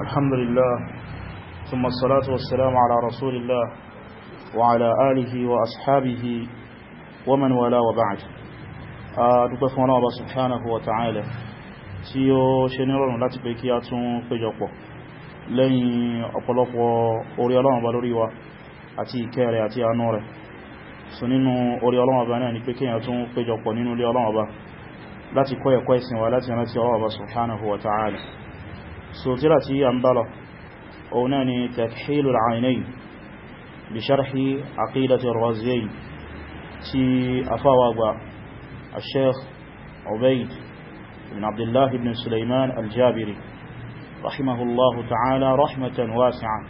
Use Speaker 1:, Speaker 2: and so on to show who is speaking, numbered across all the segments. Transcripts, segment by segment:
Speaker 1: الحمد لله ثم الصلاة والسلام على رسول الله وعلى آله وأصحابه ومن ولا وبعد أدوكفون الله سبحانه وتعالى tí ó ṣe nírọ̀rùn láti pé kí a tún péjọpọ̀ lẹ́yìn ọ̀pọ̀lọpọ̀ orí Ọlọ́run bá lórí wa àti ìkẹ́ rẹ̀ àti àánú rẹ̀ so nínú orí Ọlọ́run bá náà ni pé kí a tún péjọpọ̀ nínú ilé Ọlọ́run bá láti kọ́ ẹ̀kọ́ ìsìn wa láti rántí Ọlọ́run bá subhanahu wa ta'ala سلطرتي أنبلا أوناني تكحيل العينين بشرح عقيدة الرزيين تي أفاوغا الشيخ عبيد بن عبد الله بن سليمان الجابري رحمه الله تعالى رحمة واسعة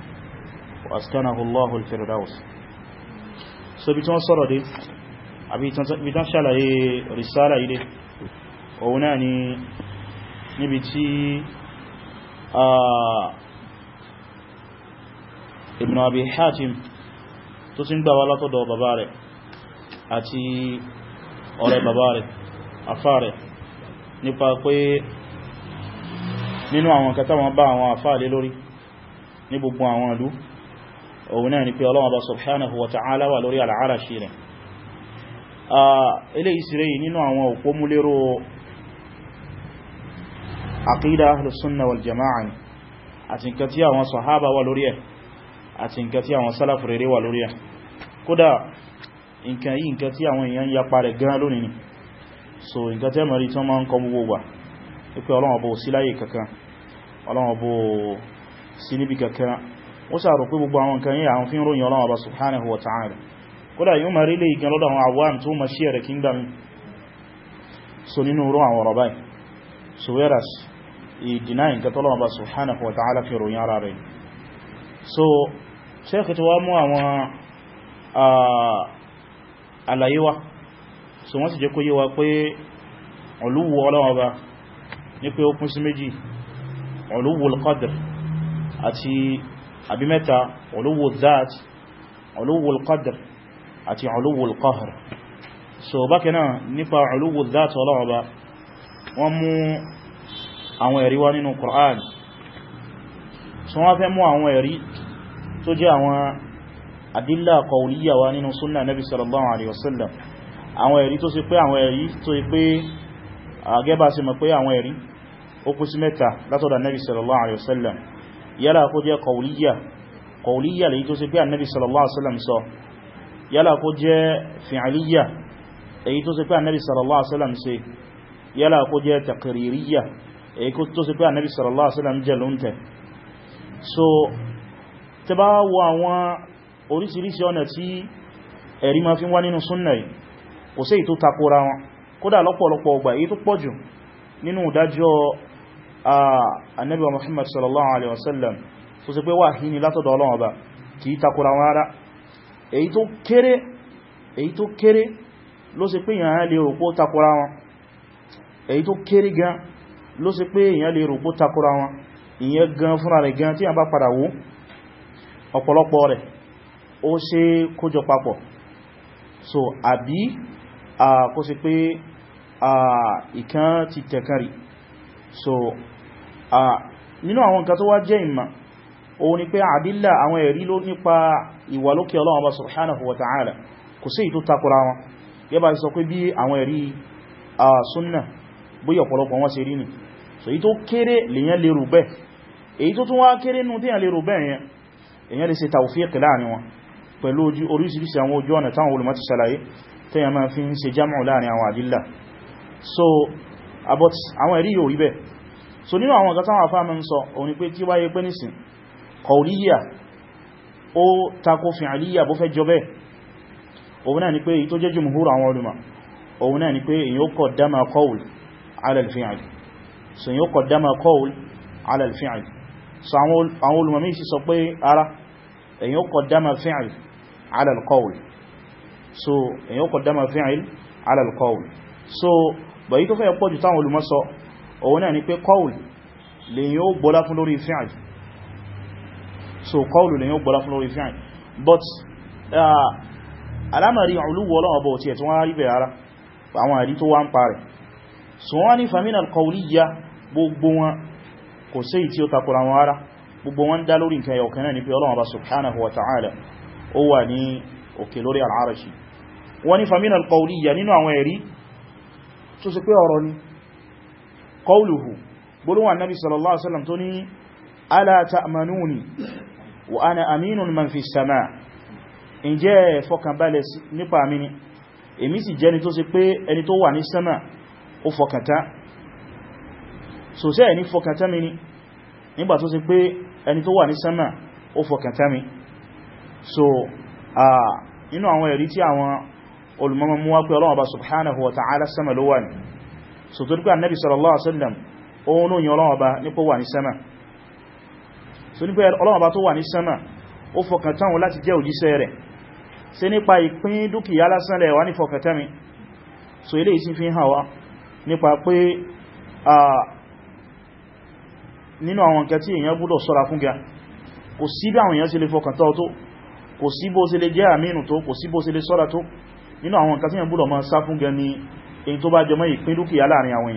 Speaker 1: وأسكنه الله الفردوس سبتون صردي بيتان شالعي رسالة إليه أوناني نبتي Ah, ibn abi hatim tó ti ń gbà wá látọ̀dọ̀ bàbá rẹ̀ àti ọ̀rẹ́ bàbá rẹ̀ afá rẹ̀ nípa pé nínú àwọn kẹta wọn bá àwọn afá lé lórí ní gbogbo àwọn ìlú òun náà ni pé Ọlọ́run bá subhanahu wa ta'ala wà lórí al'arashi rẹ̀ ah, rẹ̀ àkídà ahlùsúnnà wal jama'a ni àti nǹkan tí àwọn sàhábà wà lórí ẹ̀ àti nǹkan tí àwọn sálàfù rere wà lórí ẹ̀ kódà nǹkan yìí nǹkan tí àwọn èèyàn yapa rẹ̀ gan lónìí ni so nǹkan tẹ́ mẹ́rin tí wọ́n máa ń kọ gbogbo wà ipé Ọlọ́run bó sí láyé kankan Ọlọ́run bó so nínú rọ àwọn so whereas ìdínà nǹkan tọ́lọ́wọ́ bá subhanahu wa ta'ala fi ròyìn ara rẹ̀ so sheikh tó wá mú àwọn àlàyé wa so wọ́n sì jẹ́ kó yé wa pé olúwo ọlọ́wọ́ bá ní pé ó kún sí méjì olúwo al-qadr àti àbí mẹ́ta olúwo dhat olúwo àti olúwo al so bákanáà nípa olúwo dhat ọlọ́wọ́ wọ́n mú àwọn ẹ̀rí wá nínú Qur'an so wọ́n fẹ́ mú àwọn ẹ̀rí tó jẹ́ àwọn adilla qawliya wá nínú súnnà nabi sallallahu alaihi wasallam àwọn ẹ̀rí tó sì pé àwọn ẹ̀rí tó sì pé àgẹ́bà sí mọ̀ pé àwọn ẹ̀rí ó kú sí mẹ́ta látọ̀dà nabi sallallahu alaihi wasallam yálà kó jẹ́ qawliya qawliya lèyí tó sì pé annabi sallallahu alaihi wasallam sọ yálà kó èyí kó tó sí pé ànábì sallallahu alaihi wasallam jẹ́ ló ń tẹ̀ so tẹ bá wo àwọn oríṣiríṣi ọ̀nà tí ẹ̀rí ma fi wá nínú súnnà yìí kò sí èyí tó takora wọn kódà lọ́pọ̀lọpọ̀ ọgbà èyí tó pọ̀jù nínú ìdájọ́ èyí tó kéré gan ló sì pé èyàn lè rògbó takora wọn ìyẹn gan fúnra rẹ̀ gan tí a bá padà wó ọ̀pọ̀lọpọ̀ rẹ̀ ó ṣe kójọ papọ̀ so àbí kó sì pé ìkan ti tẹ̀kari so nínú àwọn nǹkan tó wá jẹ́ ìmọ̀ òun ni pé àdílà àwọn ẹ̀rí ló nípa ìwà lókè Ọlọ́run bá wa ta'ala kò sí ìtó takora wọn yẹ́bà sọ pé bí ọ̀pọ̀lọpọ̀ wọn ṣe rí nìí so èyí tó kéré lèyàn lè rù bẹ́ẹ̀ èyí tó tún wá kéré nù tí yàn lè rù bẹ́ẹ̀ yẹn èyàn lè ṣe tawfiq láàrin wọn pẹ̀lú ojú oríṣiríṣi àwọn ojú ọ̀nà táwọn olùmọ̀ ti ṣàlàyé tí yàn máa fi ń ṣe jámù láàrin àwọn àdílà so about àwọn ẹ̀rí yóò rí bẹ́ẹ̀ so nínú àwọn ọ̀gá táwọn afá mẹ́ so yóò kọ̀dámà kọ́wùl ala al-fi'l so àwọn olùmọ̀mí sí sọ pé ara èyí ó kọ̀dámà fi'l ala so èyí ó kọ̀dámà fi'l ala so bàyí tó fẹ́ pọ̀ jù táwọn olùmọ̀ sọ òun náà ni pé qawl lè yóò gbọ́lá fún lórí fi'l so qawl lè yóò gbọ́lá but alámàrí olúwọ́lọ́wọ́ bọ̀ tí ẹ̀ tí wọ́n rí bẹ̀ ara àwọn àrí tó wá ń parẹ̀ so wọ́n ní famina alkauliyya gbogbo wọn kò sí tí ó takura wọn ara gbogbo wọn dá lórí nǹkan yaukaná ní pé Ọlọ́run bá subhanahu wa ta'ala ó wà ní òkè lórí al'arashi wọ́n ní famina alkauliyya nínú àwọn ẹ̀rí tó sì pé ọ̀rọ̀ ni ó fọkàntá so sẹ́ ẹni fọkàntá mi ni nígbà tó ṣe pé ẹni tó wà ní sánmà ó fọkàntá mi so inú àwọn ẹ̀rí tí àwọn olùmọ́mọ́ mú wá pé Ọlọ́run Ọba subhanahu wa ta'ala sánmà ló wà ní so tó dípé annabi sallallahu alaihi wasallam òun ló yin Ọlọ́run Ọba nípò so nípa Ọlọ́run Ọba tó wà ní sánmà ó fọkàntá wọn láti jẹ́ òjíṣẹ́ rẹ̀ ṣe ìpín dúkìá lásán lẹ̀ ní fọkàntá so ilé ìsin fi hàn wá nípa pé nínú àwọn nǹkan tí èyàn gbọ́dọ̀ sọ́ra fún gá kò sí bí àwọn èyàn ṣe lè fọkàn tán tó kò sí bó ṣe lè jẹ́ àmínú tó kò sí bó ṣe lè sọ́ra tó nínú àwọn nǹkan tí èyàn gbọ́dọ̀ máa sá fún gá ní èyí tó bá jẹmọ́ ìpín dúkìá láàrin àwọn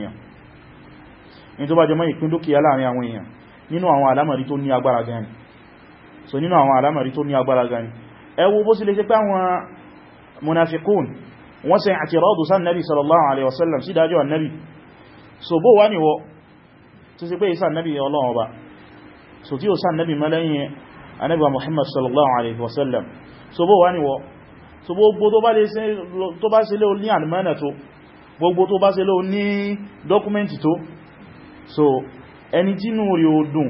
Speaker 1: èyàn ni so nínú àwọn àlámọ̀rí tó ní agbára gan ni munafikun wọ́n ṣe àtìrọ́dù sáà nẹ́bí sallallahu alaihi wasallam sí dájọ́ annabi so bó wá ní wọ́ tó sì pé ìsá nẹ́bí ọlọ́wọ́ ba so tí ó sáà nẹ́bí mẹ́lẹ́yìn anẹ́bà Muhammad sallallahu alaihi wasallam so bó wá ní wọ́ so gbogbo tó bá ṣe o ní alìmọ́nà tó gbogbo tó bá ṣe o ní dọ́kúmẹ́ntì tó so ẹni tínú rí o dùn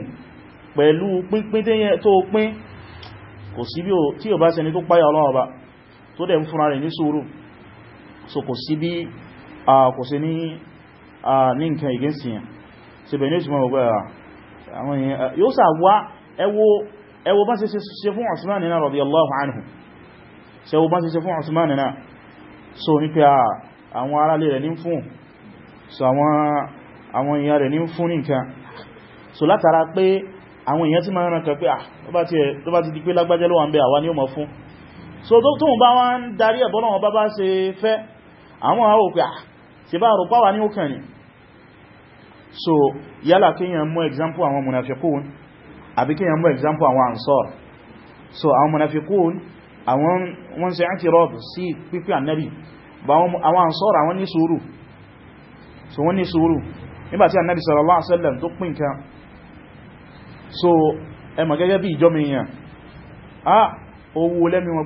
Speaker 1: pẹ̀lú pínpín tó pín kò sí bí o tí ò bá ṣẹni tó so kò sí bí kò sí ní nǹkan ìgẹ́sì yẹn sí bẹ̀ ní oṣù mọ́ ọgbẹ́ àwọn èèyàn yóò sà wá ẹwọ bá ṣe ṣe fún Usman náà radiyallahu anhu ṣe ẹwọ bá ṣe ṣe fún Usman náà so ní pé àwọn ará lè rẹ̀ ní fún so àwọn èèyàn rẹ̀ ní fún nìkan so látara ah, tó bá bá wá ń darí ẹ̀bọ́n náà bá bá fẹ́ àwọn àwọ̀ pé ah, ṣe bá rọ̀pá wà ní ó kàn so yálà kí yẹn mú example àwọn munafikun àbí kí yẹn mú example àwọn ansar so àwọn munafikun àwọn wọ́n ṣe àti rọ́b sí pípẹ́ annabi àwọn ansar àwọn ní sùúrù so wọ́n ní sùúrù nígbàtí sallallahu alaihi wasallam tó so ẹ mọ̀ gẹ́gẹ́ ah owó lẹ́mi wọn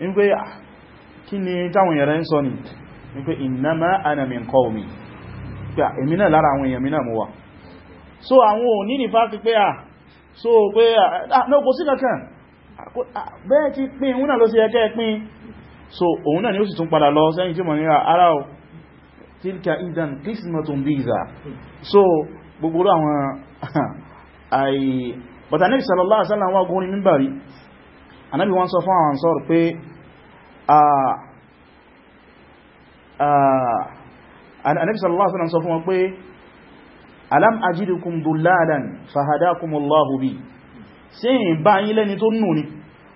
Speaker 1: ní ah, kí ni táwọn èèyàn ń sọ ní ní pé innama ana min qawmi pé ah, èmi náà lára àwọn èèyàn mi náà mú wa so àwọn òní ní fáfi pé à ah, so pé náà kò sí kankan bẹ́ẹ̀ ti pín òun ló sí ẹkẹ́ pín so òun náà ni ó sì tún padà lọ sẹ́yìn tí mọ̀ ní ara ò tilka idan qismatun biza so gbogbo àwọn àì bàtà Ànábì sallallahu alaihi wasallam mímbàrí Ànábì wọ́n sọ fún àwọn sọ́rọ̀ pé Ah, ah, Ànábì sallallahu alaihi wasallam sọ fún wọn pé alam ajidukum dullalan fahadakumullahu bi ṣé in bá yín lẹ́ni tó nù ni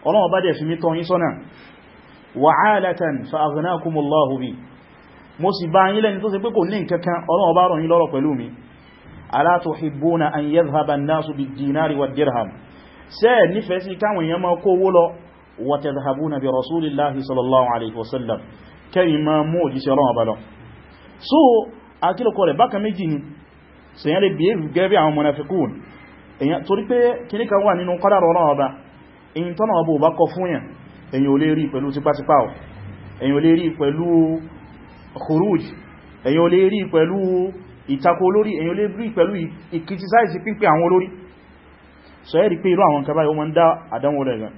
Speaker 1: Ọlọ́run bá dẹ̀ fi mi tọ́ yín sọ́nà wa alatan fa aghnakumullahu bi mo sì bá yín lẹ́ni tó ṣe pé kò ní nǹkankan Ọlọ́run bá rọ̀ yín lọ́rọ̀ pẹ̀lú mi ala tuhibbuna an yadhhaba an-nasu bid-dinari wad-dirham ṣé nífẹ̀ẹ́ sí káwọn èèyàn máa kówó وتذهبون برسول الله صلى الله عليه وسلم كيما موجي سلام بلا so akilo kore baka méjì ni so yan le behave gẹ́gẹ́ bí àwọn munafiqun eyan torí pé kini kan wà nínú qadar Ọlọ́run Ọba ẹ̀yin tona obo ba ko fún yan ẹ̀yin ò lè rí pẹ̀lú tipa tipa o ẹ̀yin ò lè rí pẹ̀lú khuruj ẹ̀yin ò lè rí pẹ̀lú ìtakò olórí ẹ̀yin ò lè rí pẹ̀lú i criticize pínpín àwọn olórí so ẹ rí pé irú àwọn kan báyìí ó máa ń dá àdánwò rẹ̀ gan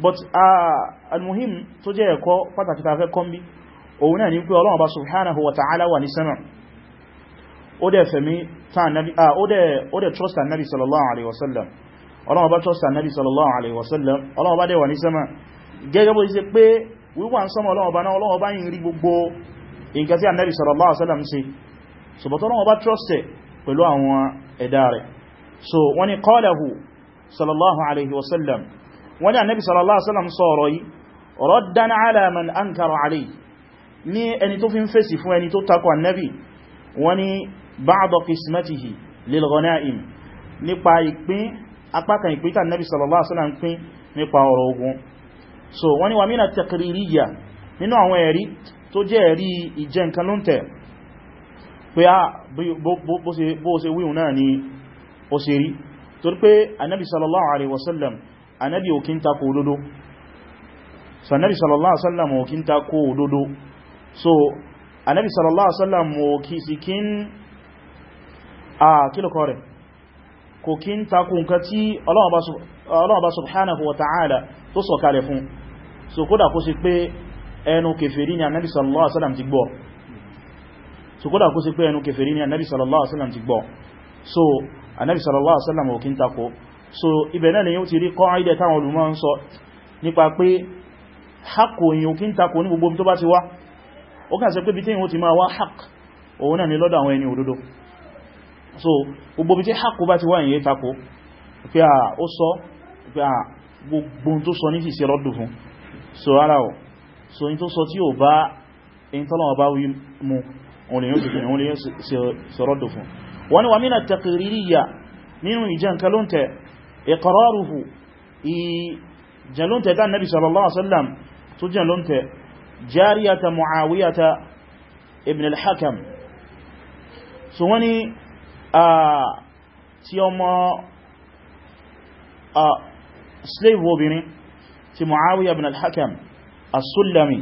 Speaker 1: but uh, almuhim tó jẹ́ ẹ̀kọ́ pàtàkì ta fẹ́ kọ́mbí òun náà ni pé Ọlọ́run Ọba subhanahu wa ta'ala wà ní sẹ́mọ̀ ó dẹ̀ fẹ̀mí uh, ó dẹ̀ trust annabi sallallahu alaihi wasallam Ọlọ́run Ọba trust annabi sallallahu alaihi wasallam Ọlọ́run Ọba dẹ̀ wà ní sẹ́mọ̀ gẹ́gẹ́ bó ṣe pé wíwà ń sọ́mọ̀ Ọlọ́run Ọba náà Ọlọ́run Ọba yìí rí gbogbo nǹkan tí annabi sallallahu alaihi wasallam ṣe so but Ọlọ́run Ọba trust ẹ̀ pẹ̀lú àwọn ẹ̀dá so wọ́n ni qalahu sallallahu alaihi wasallam wọ́n ní Ànábì sallallahu alaihi wasallam sọ̀rọ̀ yìí raddan ala man ankara alayhi ní ẹni tó fi ń fèsì fún ẹni tó takò Ànábì wọ́n ní ba'da qismatihi lil ghanaim nípa ìpín apákan ìpín tí Ànábì torí pé Ànábì sallallahu alaihi wasallam anabi ò kí ń takò òdodo so anabi sallallahu alaihi wasallam ò kí ń takò so anabi sallallahu alaihi wasallam ò kí sí kí ń a kílùkọ rẹ̀ kò kí ń takò nǹkan tí Ọlọ́run subhanahu wa ta'ala tó sọ̀kalẹ̀ fún so kódà kó sí pé ẹnu kèfèrí ni anabi sallallahu alaihi wasallam ti gbọ́ so kódà kó sí pé ẹnu kèfèrí ni anabi sallallahu alaihi wasallam ti gbọ́ so anabi sallallahu alaihi wasallam ò kí ń so ibẹ̀ náà lẹ́yìn ó ti rí qaida táwọn olùmọ̀ ń sọ nípa pé haqq òyìn òkín takò ní gbogbo tó bá ti wá ó kà pé bí tíyìn ma ti máa wá haqq òun náà ni lọ́dọ̀ àwọn ẹni òdodo so gbogbo bí tí haqq bá ti wá ìyẹ́ takò pé à ó sọ pé à gbogbo tó sọ ní fìsí rọ́dù fún so ara ọ̀ so in tó sọ tí ò bá tọ́lọ̀ na nínú ìjẹ́ iqraruhu ìjẹ̀lóntẹ̀ tán nabi sallallahu alaihi wasallam tó jẹ̀lóntẹ̀ jariyata muawiyata ibn al-hakam so wani a tí ọmọ a slave obìnrin tí muawiyya ibn al-hakam as-sulami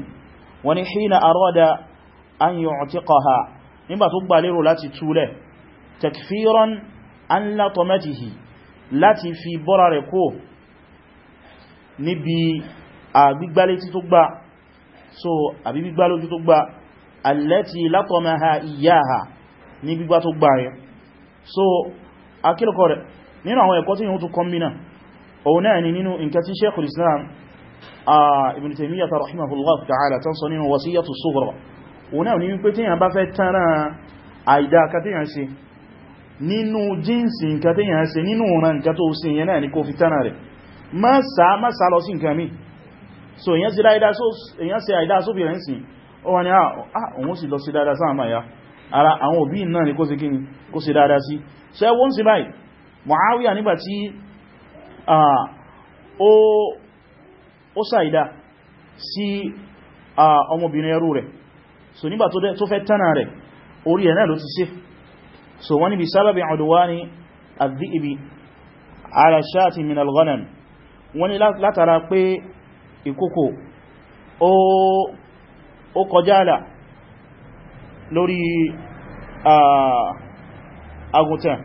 Speaker 1: wani hina arada an yu'tiqaha nígbà tó gbà láti túlẹ̀ takfiran an latomatihi láti fi bọ́ra rẹ̀ kó níbi àgbígbálétí tó gbá so àbí gbígbálójú tó gbá allati latamaha iyyaha ní gbígbá tó gbá rẹ̀ so akílùkọ́ rẹ̀ nínú àwọn ẹ̀kọ́ tí yíò tó kọmbínà òun náà ni nínú nǹkan tí Shaykhul Ibn Taymiyyah rahimahullah ta'ala tán sọ nínú wasiyyatu sughra òun ni wípé tí yàn bá fẹ́ tánà àìdáka tí nínú jínsì nǹkan tí yàn ṣe nínú ọ̀nà nǹkan tó sí yẹn náà ní fi tánà rẹ̀ má sá má sá lọ sí nǹkan mi so èyàn sí àìdá sóbì rẹ̀ ń o wà ní àwọn ah, ah, lọ sí dáadáa sáà máa ya ara àwọn òbí náà ní kó sí kíni kó sí dáadáa sí so orí ẹ̀ ló ti so wani bi sábàbí ọdúnwáni àdí'ibi ala shati min al-ghanam wani látara pé ìkókò ó kọjáàlà lórí àgùntàn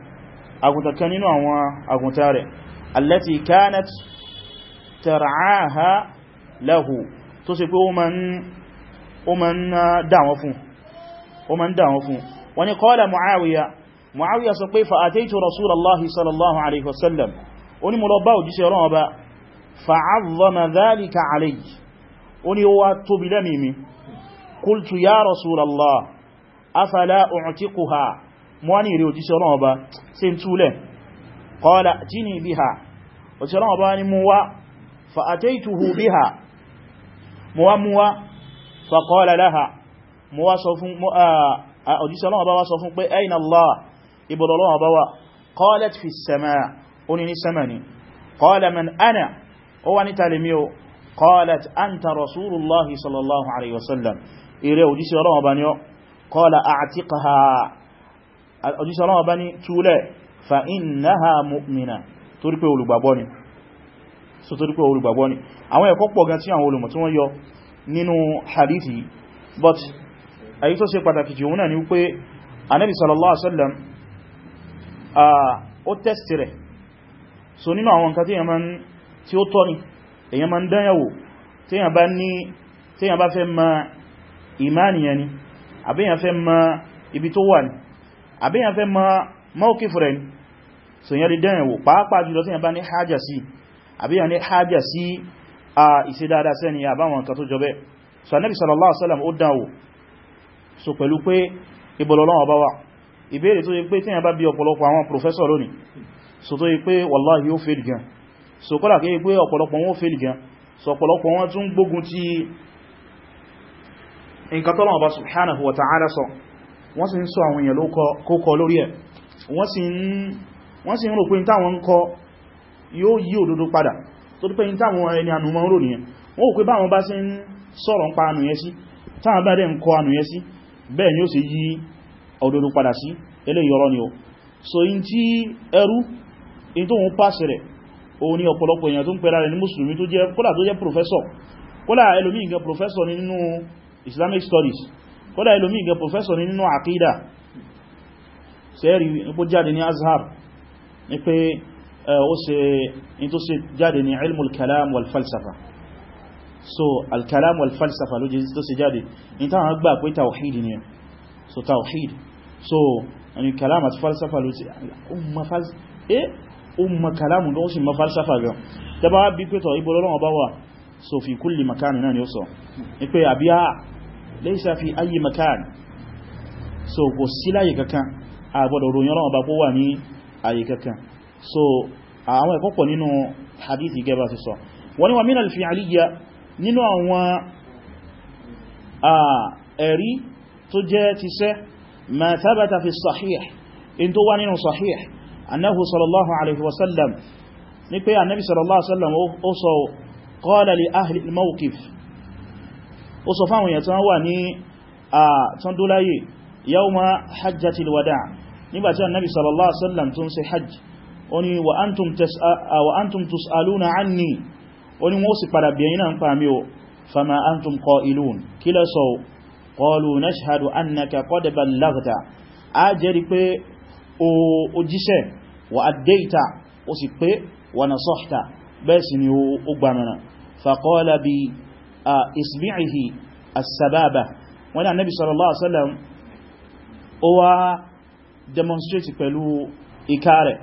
Speaker 1: àgùntàn kan nínú àwọn àgùntàn rẹ̀ allati kanat tar'aha lahu tó ṣe pé ó ma ń dáwọn fún wọ́n ni qala Muawiya Muawiya sọ pé fa'ataitu Rasulallahi sallallahu alaihi wasallam ó ní mo lọ bá òjíṣẹ́ Ọlọ́run Ọba fa'azzama dhalika alayhi ó ní ó wá tóbi lẹ́mìí mi qultu ya Rasulallah afala u'tiquha mo wá ní ìrẹ òjíṣẹ́ Ọlọ́run Ọba sí ń túlẹ̀ qala jini biha òjíṣẹ́ Ọlọ́run ibùdó lọ́wọ́ bá wà qalat fi as-samaa ó ní ní sẹ́mà ni qala man ana ó wá ní tàlímí o qalat anta rasulullahi sallallahu alaihi wasallam ire òjíṣẹ́ ọlọ́wọ́ bá ní ọ qala a'tiqha òjíṣẹ́ ọlọ́wọ́ bá ní but èyí tó ṣe pàtàkì jù náà ni wípé Ànábì ó tẹ́sì rẹ̀ so nínú àwọn nǹkan tí ó tọ́ ni èyàn ma ń dányàwó tíyàn bá fẹ́ ma ìmáníyàn ni àbíyàn fẹ́ ma ibi tó wà ni àbíyàn fẹ́ ma mọ́kí fúrẹ̀ ni so yẹn lè dányàwó pàápàá jùlọ tíyàn bá ní hajjá sí àbíyàn ní hajjá sí a ìṣe dáadáa sẹ́ni àbáwọn nǹkan tó jọ bẹ́ẹ̀ so Ànábì sallallahu alaihi wasallam ó dánwò so pẹ̀lú pé ìbọ̀lọ́lọ́wọ́ bá wà ìbéèrè tó yẹ pé tí yẹn bá bí ọ̀pọ̀lọpọ̀ àwọn professor lónìí so tó yẹ pé wallahi ó fail gan so kọ́lá kí yẹ pé ọ̀pọ̀lọpọ̀ wọn ó fail gan so ọ̀pọ̀lọpọ̀ wọn tún gbógun ti nǹkan tọ́lọ̀ ọba subhanahu wa ta'ala sọ wọ́n sì ń sọ àwọn èèyàn kókọ lórí ẹ̀ wọ́n sì ń rò pé ní táwọn òdodo padà sí eléyìí ọ̀rọ̀ ni o so in tí ẹrú in tó ń pàṣẹ rẹ̀ òun ni ọ̀pọ̀lọpọ̀ èèyàn tó ń pẹ̀lá rẹ̀ ní mùsùlùmí tó jẹ́ kódà tó jẹ́ professor kódà ẹlòmí ìgẹ́ professor ni nínú islamic studies kódà ẹlòmí ìgẹ́ professor ni nínú aqida sẹ́ẹ̀rì nípo jáde ní azhar ní pé ó ṣe in tó ṣe jáde ní ilmul kalam wal falsafa so al kalam wal falsafa ló jẹ́ tó ṣe jáde in táwọn gbà pé tawhid ni so tawhid so ẹni kalam àti falsafa ló ti ó ma kalamu lọ́wọ́ sí ma falsafa gan tẹba bí pẹ́tọ̀ ibo lọ́wọ́ bá wà so fi kulli makani náà ni ó sọ ní pé àbíyá laysa fi ayi makani so kò sí láyé kankan àgbọ̀dọ̀ ròyìn ọlọ́wọ́ bá kó wà ní ayé kankan so àwọn ẹ̀kọ́pọ̀ nínú hadithi gẹ́bà ti sọ wọ́n ni wà mínà fi àríyà nínú àwọn ẹ̀rí tó jẹ́ ti sẹ́ ما ثبت في الصحيح إن توانين صحيح أنه صلى الله عليه وسلم نبي النبي صلى الله عليه وسلم أصو قال لأهل الموقف أصو فاهم يتنواني تندولاي يوم حجة الوداع نبات النبي صلى الله عليه وسلم تنسي حج أني وأنتم, تسأ وأنتم تسألون عني أني موسي قربينا فما أنتم قائلون كلا صو qalu nashhadu annaka qad ballaghta a jẹ́rí pé o jíṣẹ́ wa addaita o sì pé wa nasahta bẹ́ẹ̀ sì ni ó gbàmìnà faqala bi isbi'ihi as-sababa wọ́n ni annabi sallallahu alaihi wasallam ó wá demonstrate pẹ̀lú ìka rẹ̀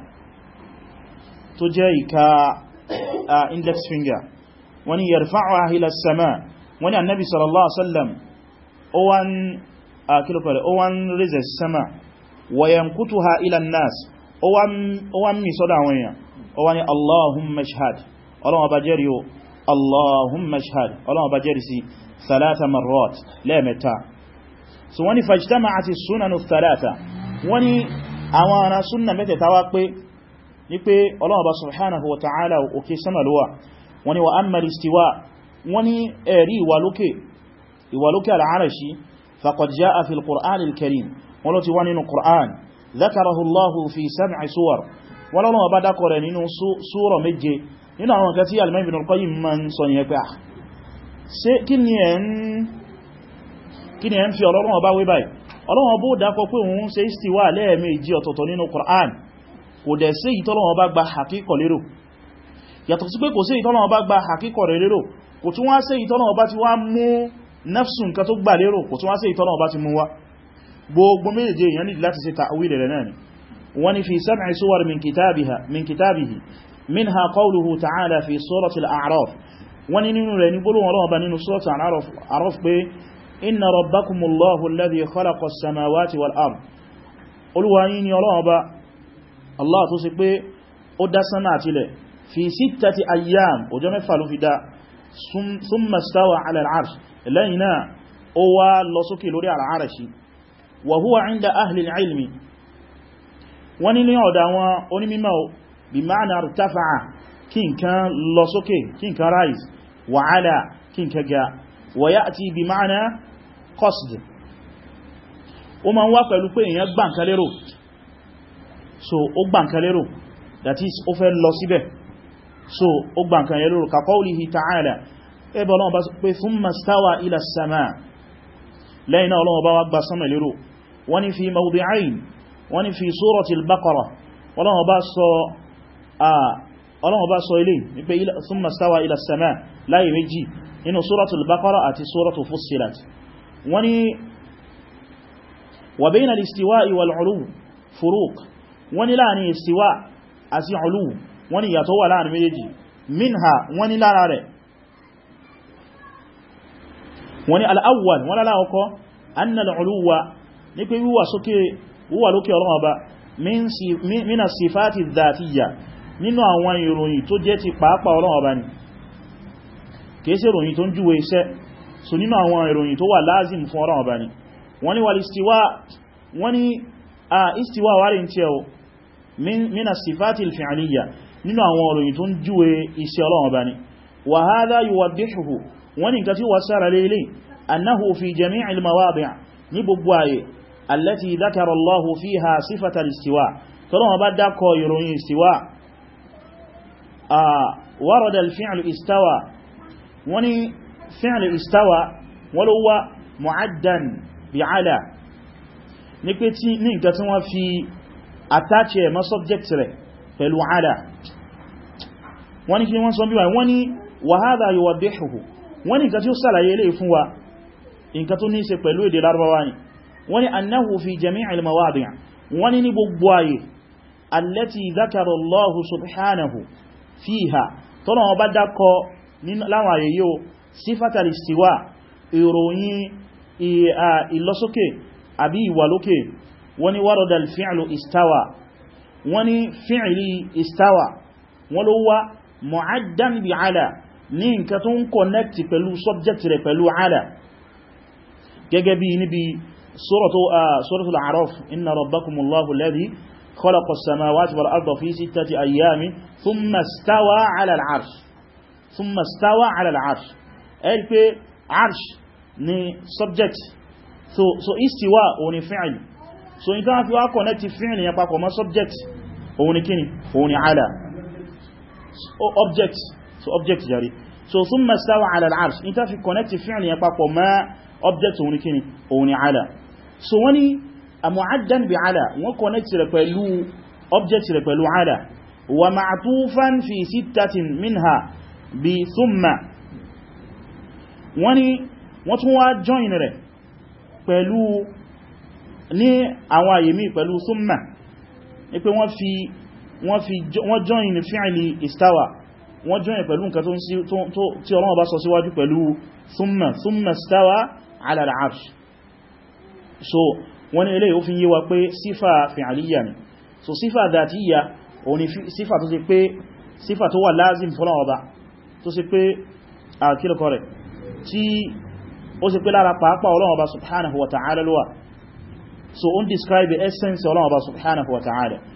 Speaker 1: tó jẹ́ ìka index finger wọ́n ni yarfa'uha ila sama wọ́n ni annabi sallallahu alaihi ó wá ń àkílòpẹ̀lẹ̀ ó wá ń rẹ̀zẹ̀ sẹ́mà wọ̀yẹ̀nkútù ha ilan nas ó wá ń mì sọ́dọ̀ àwọn èèyàn ó wá ní allahumma shahad ọlọ́wọ́ bá jẹ́rì o allahumma shahad ọlọ́wọ́ bá jẹ́rì sí thalatha marrat lẹ́ẹ̀mẹ́ta so wani fajtama àti sunanu thalatha wani àwọn ara sunna mẹ́tẹ̀ta wá pé ní pé ọlọ́wọ́ subhanahu wa ta'ala òkè samaluwa wani wa amma istiwa wani ẹ̀rí wà lókè ìwàlókè al'arashi faqad jaa fi al-qur'an al-karim wọ́n ló ti wá nínú qur'an zakarahu allahu fi sab'i suwar wọ́n lọ́nà ọba dákọ̀ rẹ̀ nínú súrọ̀ méje nínú àwọn kan tí al-imam ibn al-qayyim ma ń sọ yẹn pé ah, kí ni ẹ̀ ń fi ọlọ́run ọba wé báyìí ọlọ́run ọba ó dákọ̀ kò tún wá sí ìtọ́lọ́run ọba ti wá mú nafsu nǹkan tó gbà lérò kò tún wá sí ìtọ́nà ọba ti mú wá gbogbo méje èèyàn ní láti ṣe ta'wil rẹ̀ náà ni wọ́n ni fi sab'i suwar min kitabihi minha qawluhu ta'ala fi surati al-a'raf wọ́n ni nínú rẹ̀ ní gbólóhùn Ọlọ́run ọba nínú surati al-a'raf pé inna rabbakumullahu alladhi khalaqa as-samawati wal fi sittati ayyam súnmà sáwà alàl'arṣ lẹ́yìn náà ó wá lọ sókè lórí al'arṣi wà húwà inda ahlil ilmi wọ́n ní ọ̀dá wọn onímímọ̀ bí ma'ana rtafa'a kí nkan lọ sókè kí nkan rise wà ala kí nkan ga wà yá àti bí ma'ana qasd ó ma ń wá pẹ̀lú pé èyàn gbàǹkalérò so ó gbàǹkalérò that is ó fẹ́ lọ síbẹ̀ so ó gbà nǹkan yẹ lóru kaqawlihi ta'ala ẹbẹ̀ ọlọ́wọ́ bá pé thumma stawa ila sama lẹ́yìn náà ọlọ́wọ́ bá wá gba sánmà lérò wọ́n ni fi mawdi'ayn wọ́n ni fi suratil baqara ọlọ́wọ́ bá sọ ilé wípé thumma stawa ila sama láyé méjì inú suratul baqara àti suratul fussilat wọ́n ni wọ́n ni láàrin istiwa wọ́n ní ìyàtọ̀ wà láàrin méjèèjì minha wọ́n ní lára rẹ̀ wọ́n ní al'awwal wọ́n lára ọkọ́ annal uluwa ní pé wíwà sókè wíwà lókè ọlọ́wọ́ ba mina sifati dhatiya nínú àwọn ìròyìn tó jẹ́ ti pàápàá ọlọ́wọ́ ba ni kèése ìròyìn tó ń júwe iṣẹ́ so nínú àwọn ìròyìn tó wà lázim fún ọlọ́wọ́ ba ni wọ́n ní wal istiwa wárin tí ẹ̀ min mina sifati al nínú àwọn ọ̀ròyìn tó ń júwe iṣẹ́ Ọlọ́run bá ní wa hadha yuwaddihuhu wọ́n ni nǹkan tí wà sára lélẹ̀ annahu fi jami'il mawadi' ní gbogbo ayé allati dhakara Allahu fiha sifata al-istiwa tọ́lọ́wọ́n bá dákọ̀ ìròyìn istiwa ni fi'lu istawa wọ́n fi attach ẹ̀ mọ́ subject rẹ̀ pẹ̀lú ala wọ́n ní kí wọ́n sọ bí wọ́n ní wàhádà yíwa dẹ́hùhù wọ́n ní nǹkan tí ó sàlàyé ilé fún wa nǹkan tó ní ṣe pẹ̀lú èdè larabawa ni wọ́n ní annahu fi jami'il mawadi'a wọ́n ní ní gbogbo ayé allati zakara allahu subhanahu fiha tọ́nà fi'lu istawa wọ́n fi'li istawa wọ́n ló wá mu'addan bi ala ní nǹkan tó ń connect pẹ̀lú subject rẹ̀ pẹ̀lú ala gẹ́gẹ́ bí níbi ah, suratul a'raf inna rabbakumullahu alladhi khalaqa as-samawati wal arda fi sittati ayyamin thumma stawa ala al-'arsh thumma stawa ala al-'arsh ẹ̀rí pé arsh ni subject so so istiwa ó kíni ó ní ala so object so object jari so thumma stawa ala al-arsh in ta fi connect fi'l yẹn papọ̀ ma object òun kíni òun ala so wani a mu'addan bi ala wọ́n connect rẹ̀ pẹ̀lú object rẹ̀ pẹ̀lú ala wa ma'tufan fi sittatin minha bi thumma wani wọ́n tún wá join rẹ̀ pẹ̀lú ní àwọn àyèmí pẹ̀lú thumma ní pé wọ́n fi wọ́n jọ́yìn fi'li istawa wọ́n jọ́yìn pẹ̀lú nǹkan tí Ọlọ́run bá sọ síwájú pẹ̀lú thumma thumma istawa ala al-arsh so wọ́n ilé ó fi yé wa pé sífà fi'liya ni so sífà dhatiya òun ni sífà tó wà lázim fọ́lọ́run tó ṣe pé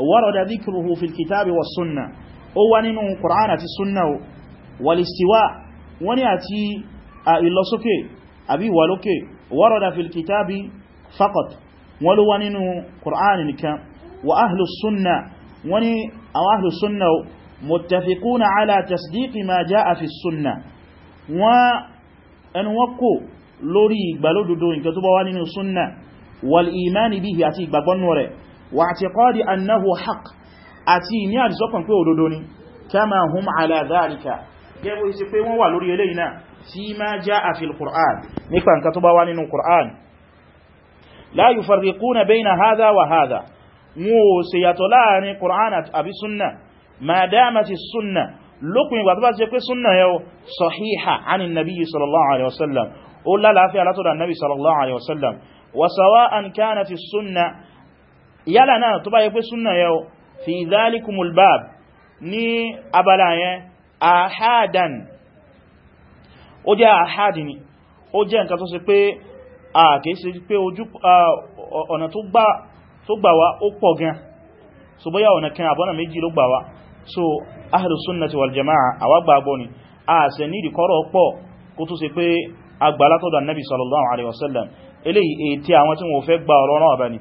Speaker 1: ورد ذكره في الكتاب والسنة وانين قرآن في السنة والاستواء ونأتي إلا سكي أبي ولوكي ورد في الكتاب فقط ولوانين قرآن كان وأهل السنة وني أو أهل السنة متفقون على تصديق ما جاء في السنة وأنوكو لوري بلودو إنك تبوانين السنة والإيمان به أتيك ببنوره واعتقاد أنه حق أتي نياد زوكم كو دودوني كما هم على ذلك gẹ́gbẹ́ isi pé wọ́n wà lórí eléyìí náà sí máa já a fi al-Qur'an nípa nǹkan tó bá wá nínú Qur'an la yufarriquna bayna hadha wa hadha wọ́n ò ṣe yàtọ̀ láàrin Qur'an àbí súnnà ma dámàtí súnnà lókùn ìgbà yálà náà tó bá yẹ pé súnnà yẹ fi zalikumul bab ní abala yẹn ahadan ó jẹ́ ahadi ni ó jẹ́ nǹkan tó ṣe pé a kìí ṣe pé ojú ọ̀nà tó gbà wá ó pọ̀ gan so bóyá ọ̀nà kan àbọ́nà méjì ló gbà wá so ahlu sunnati wal jama'a àwa gbàgbọ́ ni a ṣe ní ìdíkọ́rọ̀ pọ̀ kó tó ṣe pé agbàlátọ̀dọ̀ annabi sallallahu alaihi wasallam eléyìí èyí tí àwọn tí wọ́n fẹ́ gba ọ̀rọ̀ náà bá ni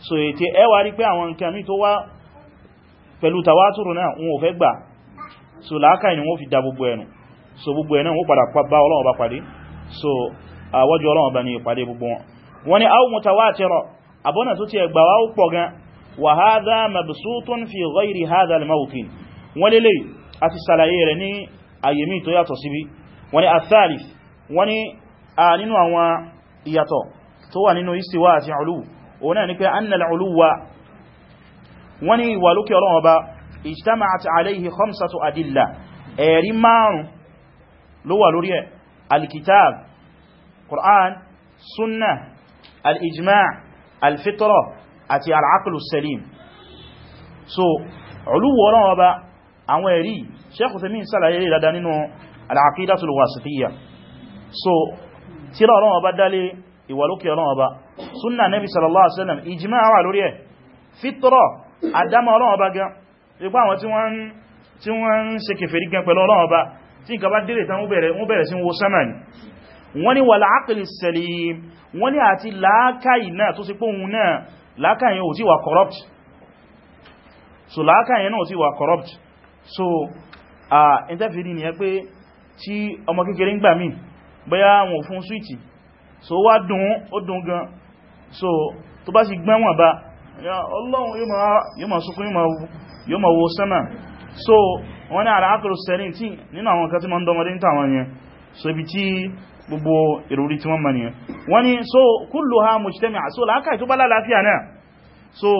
Speaker 1: so ètí ẹwà rí pé àwọn nǹkan mi tó wá pẹ̀lú tàwátùrù náà wọn ò fẹ́ gbà so láákà ni wọ́n fi dá gbogbo ẹnu so gbogbo ẹ̀nà wọ́n padà bá Ọlọ́run bá pàdé so àwọ́jú Ọlọ́run bá ní ìpàdé gbogbo wọn ni au mutawatiro àwọn ìyàtọ̀ tó wà nínú istiwa àti ulu òun náà ni pé annal uluwa wọ́n ní ìwà lókè ọlọ́wọ́ bá ijtama'at alayhi khamsatu adilla ẹ̀rí márùn ló wà lórí ẹ̀ alkitab qur'an sunna al-ijma' àti al so uluwa ọlọ́wọ́ bá àwọn ẹ̀rí Shaykh Uthaymeen sàlàyé dada nínú al-aqidatul so tíra ọlọ́wọ́ bá dálé ìwà ọlọ́wọ́ bá súnà nẹ́bí sallallahu alaihi wasallam ìjìmá wà lórí ẹ̀ fítọ́rọ̀ àdámọ́ ọlọ́wọ́ bá gan ipá àwọn tí wọ́n ń ṣe kèfèrí gan pẹ̀lú ọlọ́wọ́ bá tí nǹkan bá dìrẹ̀ tán wọ́n bẹ̀rẹ̀ sí wo sánmà bóyá wọn fún swíìtì so wá dùn ó dùn gan so tó bá sì gbẹ́wọ̀n bá ọlọ́run yóò máa sunkún yóò máa wo sánmà so wọ́n ní àràákùrù sẹ́rin tí nínú àwọn kan tí ma ń dọmọdé ń tàwọn yẹn so ibi tí gbogbo ìròrí tí wọ́n ma nìyẹn wọ́n ní so kúlù ha mujtami'a so láàkàí tó bá lálàáfíà náà so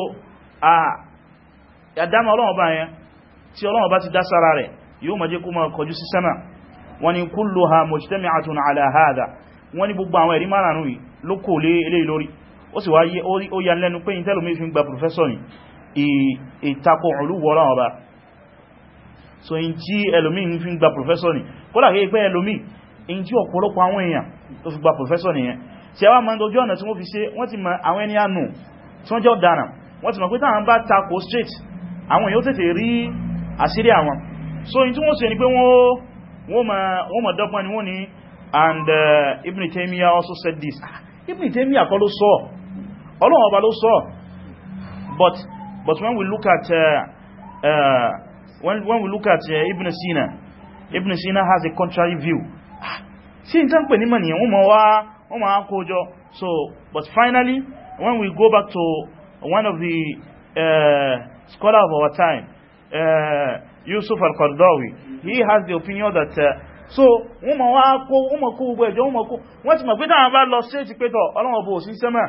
Speaker 1: a yàdámà ọlọ́run bá yẹn tí ó sì wáyé ó yà lẹ́nu pé ìtẹ́lù mi fi ń gba professor ni ìtakò olúwọ́ ọlọ́run ọba so in tí ẹlòmí ń fi ń gba professor ni kódà kí pé ẹlòmí in tí ọ̀pọ̀lọpọ̀ àwọn èèyàn tó fi gba professor nìyẹn tí ẹwà mọ́ ojú ọ̀nà tí wọ́n fi ṣe wọ́n ti mọ àwọn ẹni ànù tí wọ́n jẹ́ ọ̀daràn wọ́n ti mọ̀ pé táwọn bá takò straight àwọn èèyàn tètè rí àṣírí àwọn so in tí wọ́n ṣe ni pé wọ́n mọ̀ dọ́gbọ́n ni wọ́n ni and uh, Ibn Taymiyyah also said this ah, Ibn Taymiyyah kọ́ ló sọ ọlọ́wọ́ ọba ló sọ but but when we look at uh, uh, when, when we look at uh, Ibn Sina Ibn Sina has a contrary view Si ah, n tán pè ní mọ̀nìyàn wọ́n mọ̀ wá wọ́n mọ̀ àkójọ so but finally when we go back to one of the uh, scholar of our time uh, Yusuf al-Qaradawi he has the opinion that uh, so wọ́n mọ̀ wá kó wọ́n mọ̀ kó gbogbo ẹ̀jọ́ wọ́n mọ̀ kó wọ́n ti mọ̀ pé táwọn bá lọ sí ètì pẹ́tọ̀ ọlọ́wọ́ bó sí sẹ́mẹ̀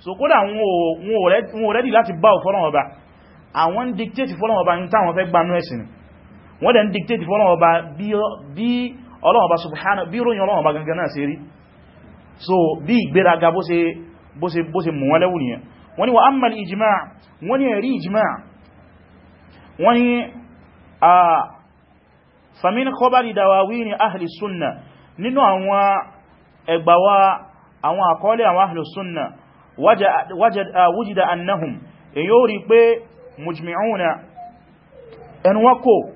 Speaker 1: so kódà wọn ò rẹ́dì láti bá fọ́lọ́wọ́ bá àwọn ń dictate fọ́lọ́wọ́ bá ní táwọn fẹ́ gbanú ẹ̀sìn wọ́n dẹ̀ ń dictate fọ́lọ́wọ́ bá bí ọlọ́wọ́ bá subhanahu bí ròyìn ọlọ́wọ́ bá gangan náà sí rí so bí ìgbéraga bó ṣe mú wọn lẹ́wù nìyẹn wọ́n ni wa amma al-ijma' wọ́n ni ẹ̀rí ijma' wọ́n ni a famin khabari dawawini ahli sunna nínú àwọn ẹgbàwa àwọn àkọọ́lẹ̀ àwọn ahli sunna Ah, wujida annahum èyí ó rí pé mujmi'una ẹnu wọn kò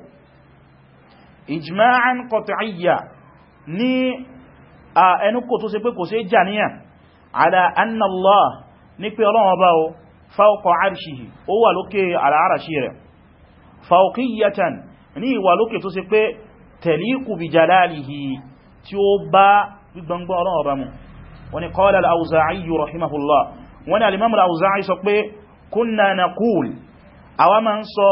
Speaker 1: ijma'an qat'iyya ní ẹnu kò tó ṣe pé kò ṣe jàníyà ala anna Allah ní pé Ọlọ́run Ọba o fawqa arshihi ó wà lókè ala rẹ̀ fawqiyatan ní ìwà lókè tó ṣe pé taliqu bi jalalihi tí ó bá gbígbọ́ngbọ́n Ọlọ́run Ọba mu wọ́n ni qala al-Awza'i rahimahullah wọ́n ni al-Imam al-Awza'i sọ pé kunna naqul àwa ma ń sọ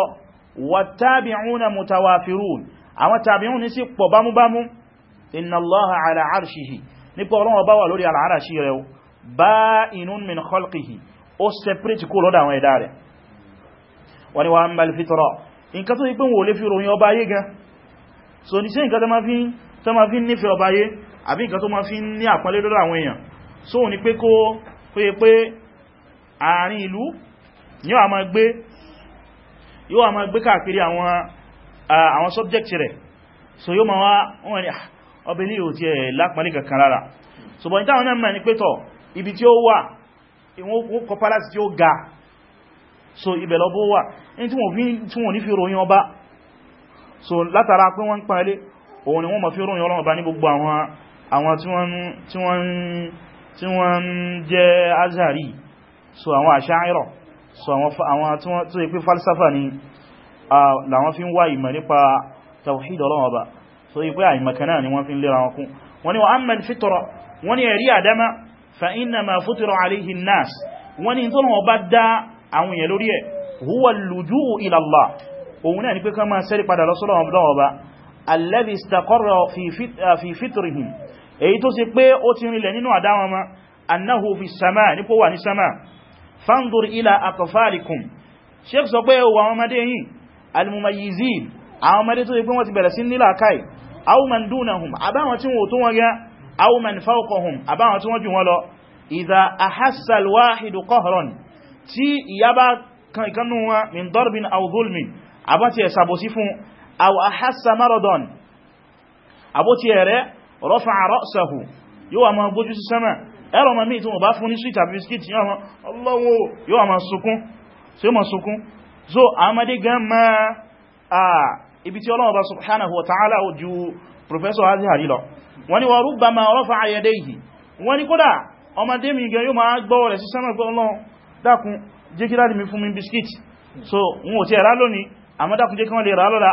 Speaker 1: wat-tabi'una mutawafirun àwọn tabi'un ní sí pọ̀ bámúbámú inna Allaha ala arshihi nípa Ọlọ́run bá wà lórí al'arashi rẹ̀ ba'inun min khalqihi ó separate kó lọ́dọ̀ àwọn ẹ̀dá rẹ̀ wọ́n ni wa amma al-fitra ní sí àbí nǹkan tó ma fi ní àpọ́nlé lọ́dọ̀ àwọn èèyàn so ní pé kó pé pé àárín ìlú yóò àmà gbé a àmà gbé káàkiri àwọn subject rẹ̀ so yóò ma wá wọ́n ni ah, ọbẹ̀ ní ò tí ẹ̀ lápàlẹ̀ kankan lára so bọ̀ ìtàwọn náà ní pé tọ̀ ibi tí ó wà so ibẹ̀ lọ́bọ̀ wà ní tí wọ́n ní fi ròyìn ọba so látara pé wọ́n ń pàálé òun ni wọ́n ma fi àwọn tí wọ́n ń jẹ́ azari so àwọn àṣáyírọ̀ so àwọn tó yẹ pé falsafa ni làwọn fi ń wá ìmọ̀ nípa tawhid Ọlọ́run Ọba so yí pé àìmọ̀kaná ni wọ́n fi ń lera wọn kún wọ́n ni wa amma al-fitra wọ́n ni ẹ̀rí àdámá fa innama futira alayhi an-nas wọ́n ni tó náà alladhi istaqarra ah, fi fitrihim èyí tó sì pé ó ti rinlẹ̀ nínú àdáwọn ma annahu fi sama nípò wà ní sama fandur ila atfalikum sheikh sọ pé wà wọn mọ́dé yìí almumayizin àwọn mọ́dé tó sì pé wọ́n ti bẹ̀rẹ̀ sí nílà kai aw man dunahum àbáwọn tí wọ́n tó wọ́n aw ahassa maradan àbótí ẹ̀rẹ́ rafa'a ra'sahu yóò wà máa bójú sí sánmà ẹ̀rọ ma mìí tí wọ́n bá fún ní sweet àbí biscuit yóò ma ọlọ́wọ́ yóò ma sunkún so yóò ma sunkún so àmàdé gan ma a ibi tí Ọlọ́run bá subhanahu wa ta'ala ju professor azihari lọ wani wa rubbama rafa'a yadayhi wani kódà ọmọdé mi gan yóò ma gbọ́wọ́ rẹ̀ sí sánmà pé Ọlọ́run dákun jẹ́ kí láti mi fún mi biscuit so wọn ò ti ẹ̀rá lónìí àmọ́dákun jẹ́ kí wọ́n lè rà lọ́la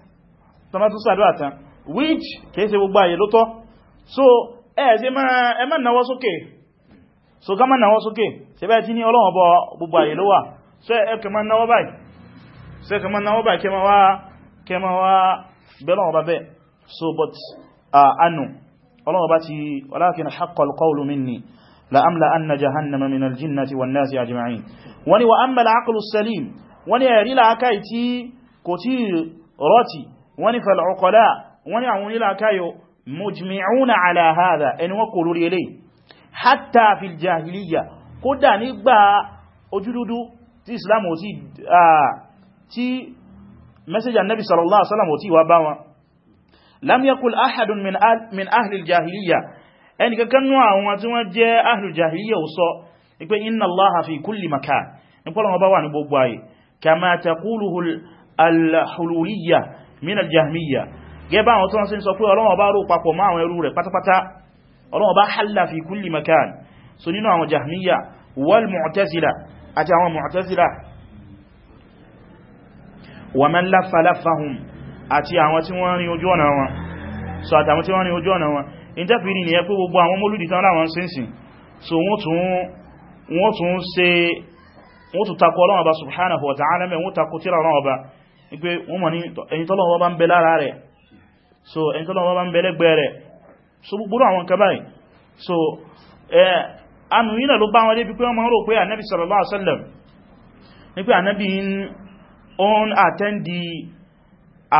Speaker 1: tọmọ tún sàdúrà tán which kìí ṣe gbogbo àyè lótọ́ so ẹ̀ẹ́sẹ̀ ẹmọ́ náwọ́ sókè so ká mọ́ náwọ́ sókè ṣe bẹ́ẹ̀ tí ní Ọlọ́run bọ gbogbo àyè ló wà so ẹ̀kẹ́ mọ́ náwọ́ báyìí so ẹ̀kẹ́ mọ́ náwọ́ báyìí kẹma wá bẹ́lọ́wọ́ bá so but anu Ọlọ́run wọ́n ni fàlọ̀ọ̀kọ̀lá wọ́n ni àwọn onílàkáyò mujmi'una ala hadha ẹni wọ́n kò lórí ilé hatta fil jahiliya kódà nígbà ojúdúdú tí islam ò tí mẹ́sẹ̀jà nabi sallallahu alaihi wasallam ò tí wá bá wọn lam yakul ahadun min ahlil jahiliya ẹni kankan nú àwọn tí wọ́n jẹ́ ahlil jahiliya ò sọ ipé kama taquluhu al-hululiyya minal jahmiya gẹ́bà àwọn tó wọ́n sí sọ pé Ọlọ́run bá rò papọ̀ mọ́ àwọn ẹrú rẹ̀ pátápátá Ọlọ́run bá halla fi kulli makan so nínú àwọn jahmiya wal mu'tazila àti àwọn mu'tazila wa man laffa laffahum àti àwọn tí wọ́n rin ojú ọ̀nà wọn so àtàwọn tí wọ́n rin ojú ọ̀nà wọn àwọn mólúdì wípé wọ́n mọ̀ ní ẹni tọ́lọ́wọ́ bá ń bẹ lára rẹ̀ so ẹni tọ́lọ́wọ́ bá ń bẹ lẹ́gbẹ̀ẹ́ rẹ̀ so gbogbo àwọn kan báyìí so anu yínà ló bá wọn dé pípé wọ́n máa rò pé ànábì sallallahu alaihi wasallam ní pé on àtẹ́ndì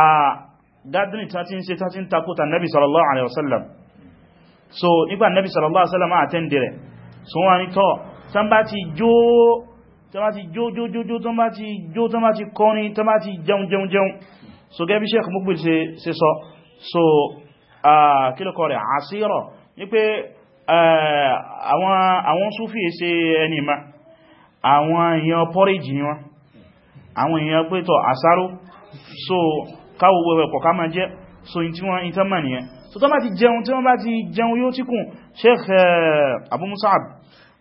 Speaker 1: a gádùnì tàti ń ṣe tàti ń takóta sallallahu alaihi wasallam so nípa ànábì sallallahu alaihi wasallam àtẹ́ndì rẹ̀ so wọ́n ní tọ́ tán bá tó bá ti jó jó jó jó tó bá ti jó tó bá ti kọrin tó bá ti so gẹ́bí Sheikh Mukbil ṣe sọ so kílùkọ rẹ̀ àṣírọ̀ àwọn ma àwọn èèyàn porridge ni wọ́n àwọn èèyàn pé tọ àsáró so káwò wẹ̀wẹ̀ pọ̀ ká máa jẹ́ so in tí wọ́n in tán so tó bá ti jẹun tí wọ́n bá ti jẹun yóò tíkùn Sheikh eh, Abu Musa'ab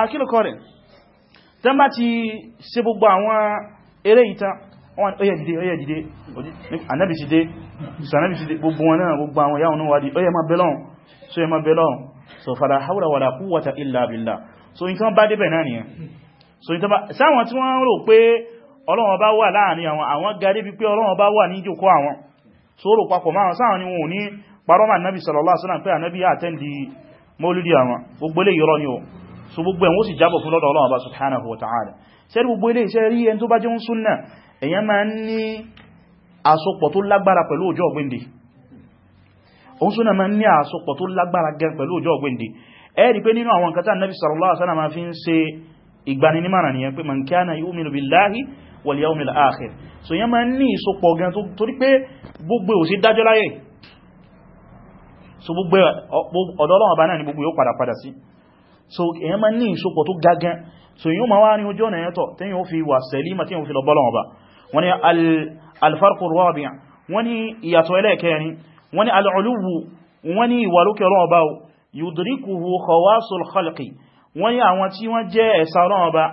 Speaker 1: akílùkọ́ rẹ̀ tán bá ti ṣe gbogbo àwọn eré ìta wọ́n ọyẹ dìde ọyẹ dìde anábì ti dé ìsànábì ti dé gbogbo wọn so yẹ ma bẹ́lọ́n so fala hawla illa billah so nǹkan bá débẹ̀ so nǹkan bá sáwọn tí wọ́n rò pé Ọlọ́run bá wà láàrin àwọn àwọn gari bí pé Ọlọ́run bá wà ní ìjòkó àwọn so rò papọ̀ máa sáwọn ni wọn ò ní parọ́mà nábì sallallahu alaihi wasallam pé ànábì àtẹ́ndì mọ́lúdì àwọn gbogbo lè yọrọ ni o so gbogbo ẹ̀wọ́n sì jábọ̀ fún lọ́dọ̀ Ọlọ́run Ọba subhanahu wa ta'ala ṣe rí gbogbo ilé iṣẹ́ rí ẹni tó bá jẹ́ ń súnnà èyàn máa ń ní àsopọ̀ tó lágbára pẹ̀lú ọjọ́ ọ̀gbẹ́ndì òun súnnà máa ń ní àsopọ̀ tó lágbára gẹ pẹ̀lú ọjọ́ ọ̀gbẹ́ndì ẹ rí pé nínú àwọn nǹkan tí Ànábì sallallahu alaihi wasallam fi ń ṣe ìgbaninímọ̀ràn nìyẹn pé man kana yu'minu billahi wal yawmil akhir so yẹn máa náà ni gbogbo yóò padà padà sí so èyàn ma ní ìsopọ̀ tó gagan so yíò ma wá ní ojú ọ̀nà ẹ̀tọ̀ tí yíò fi wà sẹ̀límà tí yíò fi lọ bọ́lọ̀ ọba wọ́n ni alfarqu rabi' wọ́n ni ìyàtọ̀ ẹlẹ́ẹ̀kẹ́rin wọ́n ni al'uluwu wọ́n ni ìwà lókè ọlọ́ ọba yudrikuhu khawasul khalqi wọ́n ni àwọn tí wọ́n jẹ́ ẹ̀sà ọlọ́ ọba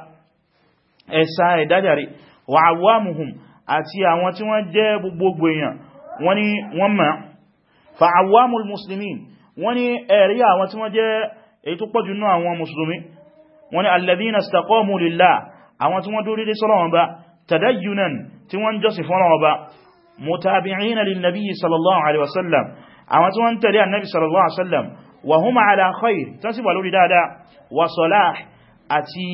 Speaker 1: ẹ̀sà ẹ̀dájàre wa awamuhum àti àwọn tí wọ́n jẹ́ gbogbo èèyàn wọ́n ni ma fa awamul muslimin wọ́n ni ẹ̀rí àwọn tí wọ́n èyí tó pọ̀jù nínú àwọn mùsùlùmí wọ́n ní alladhina istaqamu lillah àwọn tí wọ́n dúró dédé sọ́rọ̀ wọn bá tadayyunan tí wọ́n jọ́sìn fọ́nà wọn bá mutabi'ina lin-nabiyyi sallallahu alaihi wasallam àwọn tí wọ́n tẹ̀lé annabi sallallahu alaihi wasallam wa hum ala khair tán sì wà lórí dáadáa wa salah àti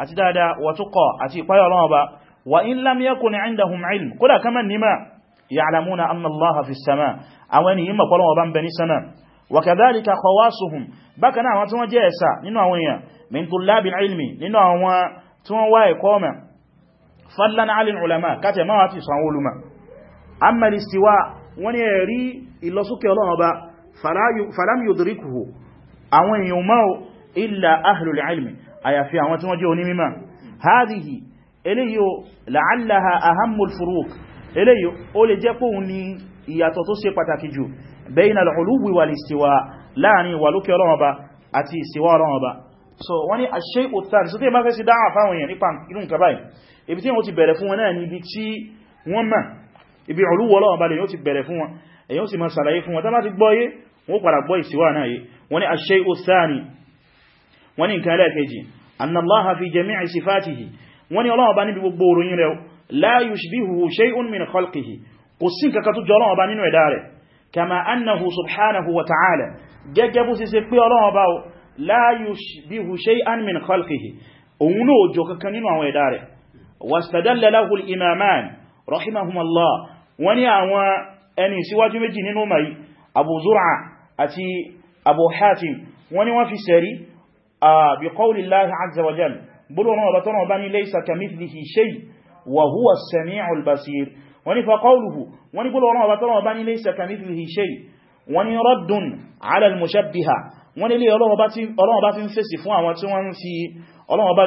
Speaker 1: àti dáadáa wa tuqa àti ìpáyọ̀ ọlọ́wọ́ fi sama àwọn ènìyàn mọ̀kọ́lọ́wọ́ bá ń bẹ ní sama وكذلك خواصهم بكنا àwọn tí wọ́n jẹ́ ẹ̀sà nínú àwọn èyàn min tullab al-ilmi nínú àwọn tí wọ́n wá ẹ̀kọ́ ma fadlan 'ala al-ulama kate ma wa ti san ulama amma al-istiwa wọ́n eri ìlọsókè Ọlọ́run ba falam yudrikuhu àwọn èyàn بين al-'uluwwi لا istiwa láàrin wà lókè Ọlọ́run Ọba àti so wọ́n ní ash-shay'u ath-thani so tí ma fẹ́ sí dáa fáwọn èèyàn nípa irú nǹkan báyìí ibi tí wọ́n ti bẹ̀rẹ̀ fún wọn náà ní ibi tí wọ́n mọ̀ ibi uluwwi Ọlọ́run Ọba lè yóò ti bẹ̀rẹ̀ fún wọn èyàn sì ma sàlàyé fún wọn tá bá ti gbọ́ yé wọ́n padà gbọ́ ìsìwà náà yé wọ́n ní ash-shay'u kama annahu subhanahu wa ta'ala gẹ́gẹ́ bó sì ṣe pé Ọlọ́run bá o la yushbihu shay'an min khalqihi òun ló jọ kankan nínú àwọn ẹ̀dá rẹ̀ wastadalla lahu al-imaman rahimahumallah wọ́n ní àwọn ẹni síwájú méjì nínú mai abu zur'a àti abu hatim wọ́n ní wọ́n fi sẹ̀rí a bi qawli llahi wọ́n ní faqawluhu wọ́n ní gbọ́lọ̀ ọ̀rọ̀ ọba tọ́lọ̀ ọba ní laysa kamithlihi shay wọ́n ní raddun ala al-mushabbiha wọ́n ní ilé ọlọ́run ọba fi ń fèsì fún àwọn tí ó ma ìròyìn àwọn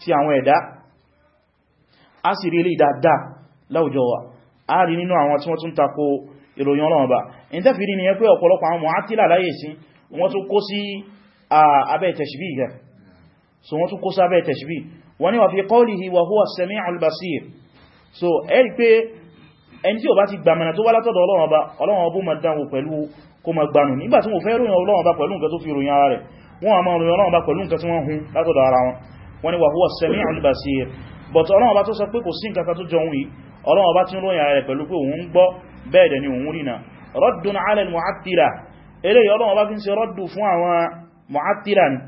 Speaker 1: tí àwọn ẹ̀dá a sì rí ilé ìdáadáa láwùjọ wa a rí nínú àwọn tí wọ́n tún tako ìròyìn Ọlọ́run ba in tẹ́ fi rí ni ẹ pé ọ̀pọ̀lọpọ̀ àwọn Mu'attila láyé sí wọ́n tún kó sí abẹ́ tẹ̀ṣbí gẹ̀ so wọ́n tún kó sí abẹ́ tẹ̀ṣbí wọ́n ní wà fi qawlihi wa huwa as-sami'ul so ẹ rí pé ba Ọlọ́run ọbú ma dánwò pẹ̀lú kó ma gbanù nígbà tí wọ́n fẹ́ ròyìn Ọlọ́run ba pẹ̀lú nǹkan tó fi ròyìn ara rẹ̀ wọ́n a máa ròyìn Ọlọ́run ba pẹ̀lú nǹkan tí wọ́n hun látọ̀dọ̀ ara wọn wọ́n ní wa tó sọ pé kò sí nǹkan tó jọ wí ọlọ́wọ́ bá tí ń ròyìn rẹ̀ pẹ̀lú pé òun gbọ́ bẹ́ẹ̀dẹ̀ ni òun rìnà rọ́dùn alẹ́ mu'attila eléyìí ọlọ́wọ́ bá fi ń ṣe rọ́dù fún àwọn mu'attila ni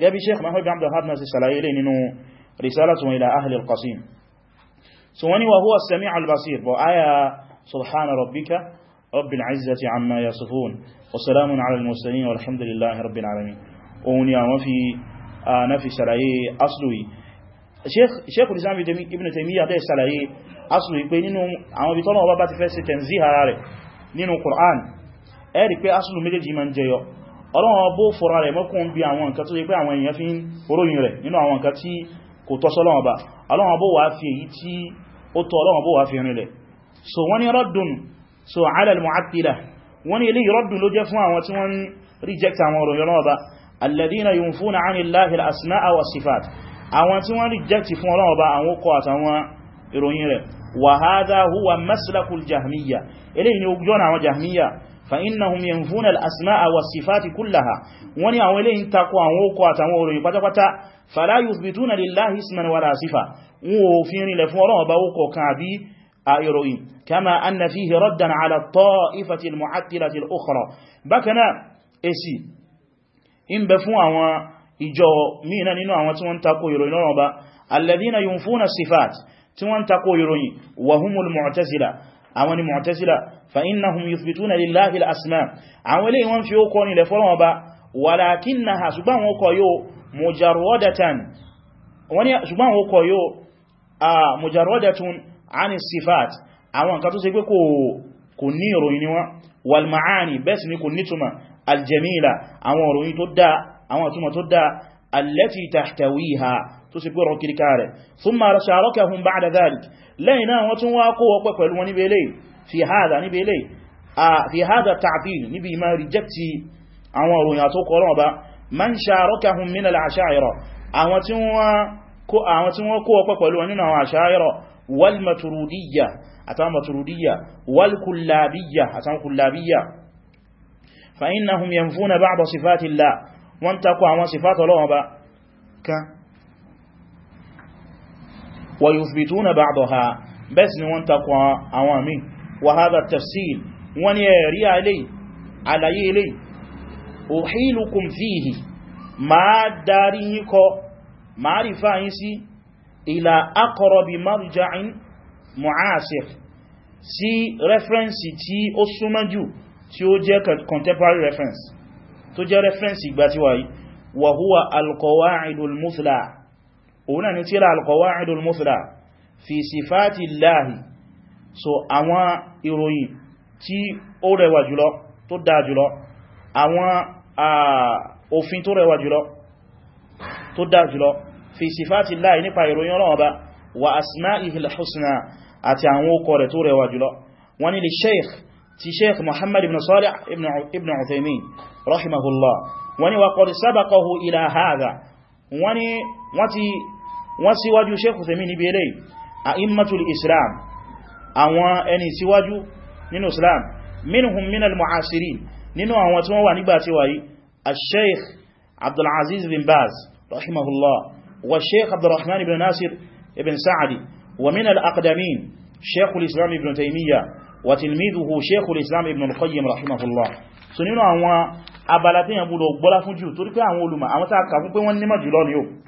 Speaker 1: gẹ́bí sheikh mahmoud bin abdul hadna sí ṣàlàyé lè nínú risalatun ila ahli al-qasim so wani wa huwa sami al-basir bọ̀ aya subhana rabbika rabbil izzati amma yasifun wa salamun ala asùlù ìpé nínú àwọn ibi tọ́lọ̀ ọba bá ti fẹ́ ṣe tẹ̀nzí ara rẹ̀ nínú Qur'an ẹ rí pé asùlù méjèèjì ma ń jẹyọ ọlọ́wọ́n bó fọ́ra rẹ̀ mọ́kún bí àwọn nǹkan tó yẹ pé àwọn èèyàn fi ń oróyìn rẹ̀ nínú àwọn nǹkan tí kò tọ́ sọ́lọ́wọ́n bá ọlọ́wọ́n bó wà fi èyí tí ó tọ́ ọlọ́wọ́n bó wà fi rìn lẹ̀ so wọ́n ni rọ́dùn so alal mu'attila wọ́n ìròyìn rẹ̀ wa hadha huwa maslakul jahmiya ilé ni ojú ọ̀nà àwọn jahmiya fa innahum yanfuna al-asma'a wa sifati kullaha wọ́n ní àwọn eléyìí takò àwọn okò àtàwọn òròyìn pátápátá fala yuthbituna lillahi isman wà sifa wọn ò fi rinlẹ̀ fún Ọlọ́run ọba okò kan àbí ìròyìn kama anna fihi raddan ala taifati al-mu'attilati al-ukhra èsì in bẹ fún àwọn ìjọ mìíràn nínú àwọn tí wọ́n takò ìròyìn Ọlọ́run ọba alladhina yunfuna sifati tí wọ́n tako ìròyìn wahumul mu'tazila àwọn ni mu'tazila fa innahum yuthbituna lillahi al-asma àwọn ilé wọ́n fi ó kọ́ nílẹ̀ fọ́lọ́wọ́ ba walakinnaha ṣùgbọ́n wọ́n kọ yóò mujarradatan wọ́n ṣùgbọ́n wọ́n kọ yóò a mujarradatun àwọn ìròyìn tó dá àwọn ìtumọ̀ tó dá allati tahtawiha tó sì gbọ́rọ̀ kiri káàrẹ̀ fún ma ṣàrọ́kẹ̀hún ba'da dhalik lẹ́yìn náà wọ́n tún wá kó wọ́pẹ́ pẹ̀lú wọn níbi ilé fi hádà níbi ilé fi hádà ta'til níbi ma rejecti àwọn òròyìn àtókọ̀ọ́rọ̀ ọba man ṣàrọ́kẹ̀hún min al-asha'ira àwọn tí wọ́n kó wọ́pẹ́ pẹ̀lú wọn nínú àwọn asha'ira wal ba kan ويثبتون بعضها بس نوان تقوى عوامي وهذا التفسير وان يري علي على يلي أحيلكم فيه ما داريك معرفة إنسي إلى أقرب مرجع معاصر sí reference tí ó súnmọ́ jù tí ó jẹ́ contemporary reference tó jẹ́ reference ìgbà tí wáyí wa huwa al-qawa'idul muthla òun náà ni tíra al-Qawa'idul Muthla fi sifatillahi so àwọn ìròyìn tí ó rẹwà jùlọ tó dáa jùlọ àwọn òfin tó rẹwà jùlọ tó dáa jùlọ fi sifatillahi nípa ìròyìn Ọlọ́run Ọba wa asma'ihil husna àti àwọn okọ̀ rẹ̀ tó rẹwà jùlọ wọ́n ni lè sheikh ti sheikh muhammad ibn salih ibn uthaymin rahimahullah wọ́n wa qad sabaqahu ila hadha wọ́n ni wọ́n síwájú Sheikh Uthaymeen níbi eléyìí a'immatul Islam àwọn ẹni síwájú nínú Islam minhum minal mu'asirin nínú àwọn tí wọ́n wà nígbà tí wáyí al-Sheikh Abdul Aziz bin Baz rahimahullah wa Sheikh Abdurrahman ibn Nasir ibn Sa'di wa min al-aqdamin Sheikh al-Islam ibn Taymiyyah wa tilmidhuhu Sheikh al-Islam ibn al-Qayyim rahimahullah so nínú àwọn abala tí gbọ́lá fún jù torí pé àwọn olùmọ̀ àwọn tàà fún pé wọ́n nímọ̀ jùlọ ni yóò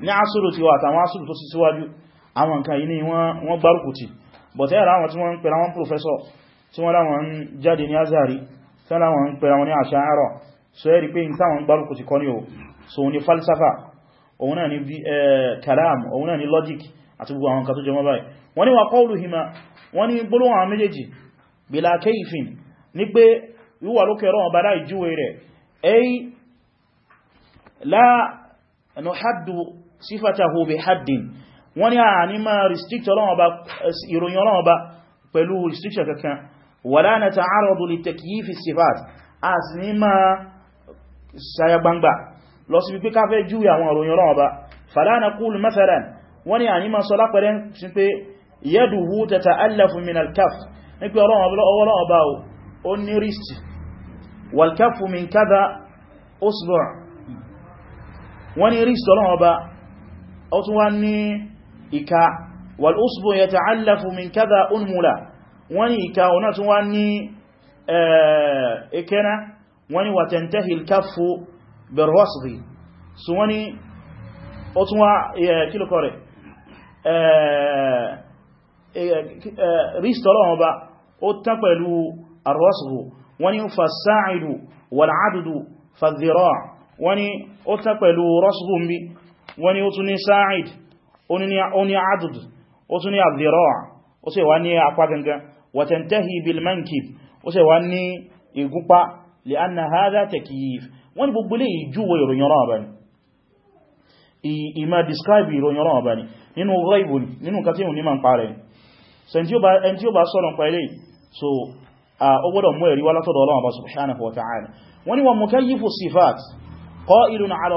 Speaker 1: ní asúrù ti wà àtàwọn asúrù tó sì síwájú àwọn nǹkan yìí ni wọ́n gbárùkù tì but ẹ́ra àwọn tí wọ́n ń pẹ̀lá wọn professor tí wọ́n láwọn ń jáde ní azari tí wọ́n ń pẹ̀lá wọn ní àṣà àárọ̀ so ẹ́rí pé ní táwọn gbárùkù tì kọ́ ní o so ní falsafa òun náà ni kalam òun sífàtàhù bí haddin wọ́n ní a ní máa restrict ìròyìn ọlọ́wọ́ bá pẹ̀lú restriction kankan wala nata'arradu litakyif as-sifat a sì ní máa sayagbangba lọ sí wípé káfẹ́ júwẹ́ àwọn ìròyìn ọlọ́wọ́ bá fala naqulu mathalan wọ́n ní a ní máa sọ lápẹrẹ sí pé yaduhu tata'allafu min al bá ó tún wá ní ìka wal usbu yata'allafu min kadha unmula wọ́n ní ìka ọ̀nà tún wá ní ẹkẹ́nà eh, wọ́n ní wa tantahi al-kaffu bil-wasdi so wọ́n ní eh, eh, wọn ba ó tán pẹ̀lú ar-wasdu wọ́n ní fa-sa'idu ó tán pẹ̀lú rasdu mbi wọ́n ni ó tún ní sa'id ó ní adud ó tún ní adhira' ó sì wá ní apá gangan wa tantahi bil mankib ó sì wá ní ìgúnpá li'anna hadha takyif wọ́n ni gbogbo lè ìjúwò ìròyìn ọ̀rọ̀ ọ̀bẹ̀ ìmá describe wọ́n ni wa mukayyifu sifat qa'ilun ala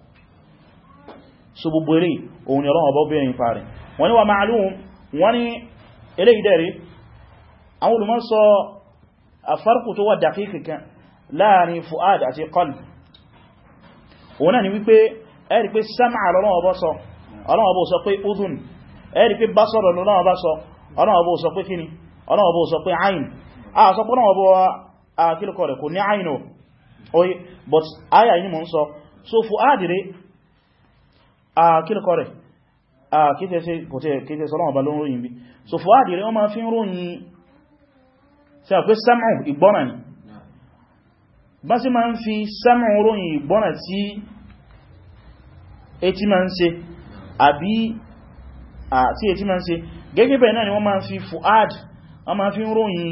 Speaker 1: so gbogbo ilé òun ni ọlọ́wọ́ bọ́ bẹ́ẹ̀ nípa rẹ̀ wọ́n ni wà ma'lum wọ́n ni ilé ìdẹ̀rẹ̀ àwọn olùmọ̀ sọ àfarkù tó wà dàkíkì kan láàrin fu'ad àti qalb òun náà ni wípé ẹ̀rì pé sam'a ọlọ́wọ́ bọ́ sọ ọlọ́wọ́ bọ́ sọ pé udhun ẹ̀rì pé basar ọlọ́wọ́ bá sọ ọlọ́wọ́ bọ́ sọ pé kíni ọlọ́wọ́ bọ́ oye but aya yìí mọ̀ ń sọ so fu'ad rẹ̀ Ah, kílùkọ́ rẹ̀ kíkẹ́ sọ́lọ́wọ́ bá ló ń ròyìn bí so fòádìí rẹ̀ wọ́n máa fi ń ròyìn sí àpé sámù ìgbọ́nà ni bá sí máa ń fi sámù ròyìn ìgbọ́nà tí etí máa ń ṣe àbí tí etí máa ń ṣe gẹ́gẹ́ bẹ̀rẹ̀ náà ni wọ́n máa fi fòád wọ́n máa fi ń ròyìn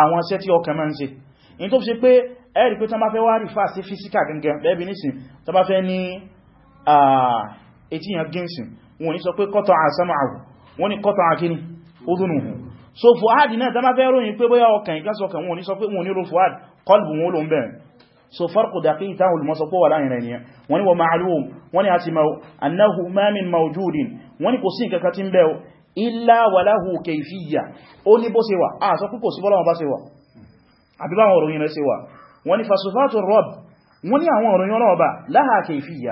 Speaker 1: àwọn iṣẹ́ tí ọkàn máa ń ṣe in tó fi ṣe pé ẹ̀rì pé tán bá fẹ́ wá rí fà sí gangan bẹ́ẹ̀bì nísìn tán bá fẹ́ ní ètíyàn gínsìn wọ́n ní sọ pé kọ́tọ̀ àsámàáwò wọ́n ní kọ́tọ̀ àkíní udhunuhu so fuad náà tánà fẹ́ ròyìn pé bóyá ọkàn ìkásọkàn wọ́n ní sọ pé wọ́n ní ro so farqu daqiq táwọn olùmọ́sọ pọ̀ wà láàrin rẹ̀ nìyàn wọ́n ní wa ma'lum wọ́n ní àti annahu ma min mawjudin wọ́n ní kò sí nǹkan tí ń bẹ illa wa lahu kayfiyya ó ní bó ṣe wà a sọ pé kò sí bọ́lọ́wọ́ bá ṣe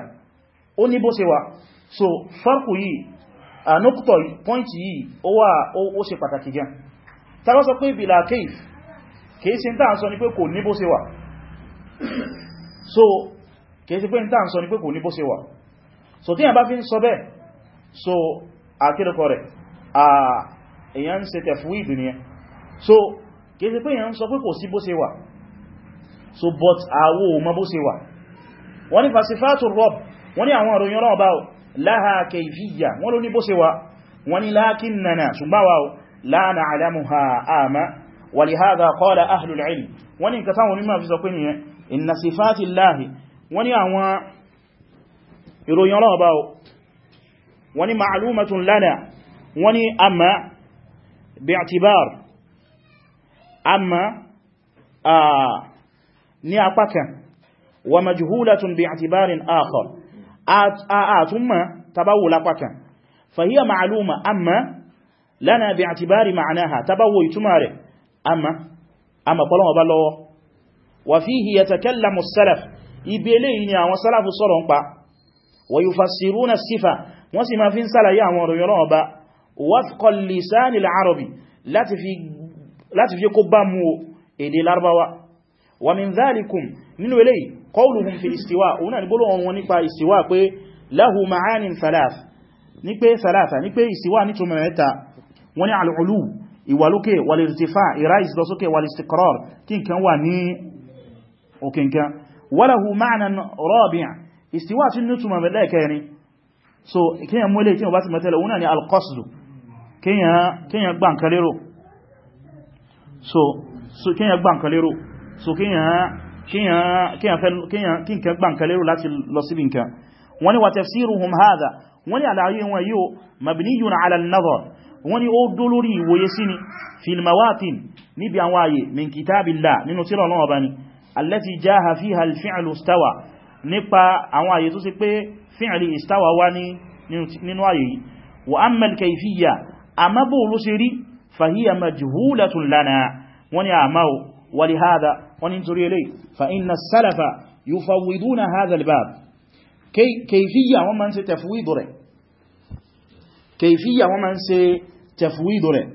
Speaker 1: ó ní bó ṣe wà so farku yìí ànúkùtọ̀ point yìí ó wà ó ṣe pàtàkì gan tá bá sọ pé bila kayf kìí ṣe tàà sọ ní pé kò ní bó ṣe wà so kìí ṣe pé tàà sọ ní pé kò ní bó ṣe wà so tí a bá fi ń sọ bẹ́ẹ̀ so àkílùkọ rẹ̀ èyàn ń ṣe tẹ̀fúwì ìdúnìyàn so kìí ṣe pé èyàn ń sọ pé kò sí bó ṣe wà so but àwọ̀ ò mọ bó ṣe wà wọ́n ni fasifátù rọ́bù wọ́n ní àwọn ìròyìn ọlọ́ọ̀bá o láha kayfiyya wọ́n ló ní bó ṣe wà wọ́n ní lakinnana ṣùgbáwà o la na'lamuha ama wa lihadha qala ahlul ilm wọ́n ní nǹkan bi'tibar amma ah, ní apá kan wa majhulatun bi'tibarin akhar àtúnmọ̀ tabawo lápákan fahiyya ma'aluma amma lana bi atibari ma'anaha tabawo ìtumà rẹ̀ amma amma kọlọ̀wọ̀ bá lọ́wọ́ wa fihi yatakallamu salaf ibi eléyìí ni àwọn salafu sọ̀rọ̀ ń pa wa yufassiruna sifa wọ́n sì ma fi ń sálàyé àwọn ọ̀rọ̀ yọ́rọ̀ ọba wafqa qawluhum fi istiwa òun náà ni gbólóhùn wọn nípa istiwa pé lahu ma'anin thalath ní pé thalatha ní pé istiwa ní túnmọ̀ mẹ́ta wọ́n ní al'ulu ìwàlókè wal-irtifa' ìráìs lọ sókè wal-istiqrar kí nkan wà ní òkè nkan wa lahu ma'nan rabi' istiwa tún ní túnmọ̀ mẹ́lẹ́ kẹrin so kíyàn mọ́lẹ̀ kíyàn bá ti mẹ́tẹ́lẹ̀ òun náà ni al-qasdu kíyàn gbà nkan lérò so kíyàn gbà nkan lérò so kíyàn kí nǹkan gbà nǹkan lérò láti lọ síbi nǹkan wọ́n ni wà tafsiruhum hadha wọ́n ni àlàyé wọn yíò mabniyun ala an-nazar wọ́n ni ó dó lórí ìwòye sí ni fil mawatin níbi àwọn ààyè min kitabillah nínú tírà Ọlọ́run Ọba ni allati jaha fiha al-fi'lu istawa nípa àwọn ààyè tó sì pé fi'li istawa wá nínú ààyè wọ́n ní torí eléyìí fa inna sálàfà yufawwiduna hadha al-bab kèfíyà wọ́n ma ń ṣe tafwidu rẹ̀ kèfíyà wọ́n ma ń ṣe tafwidu rẹ̀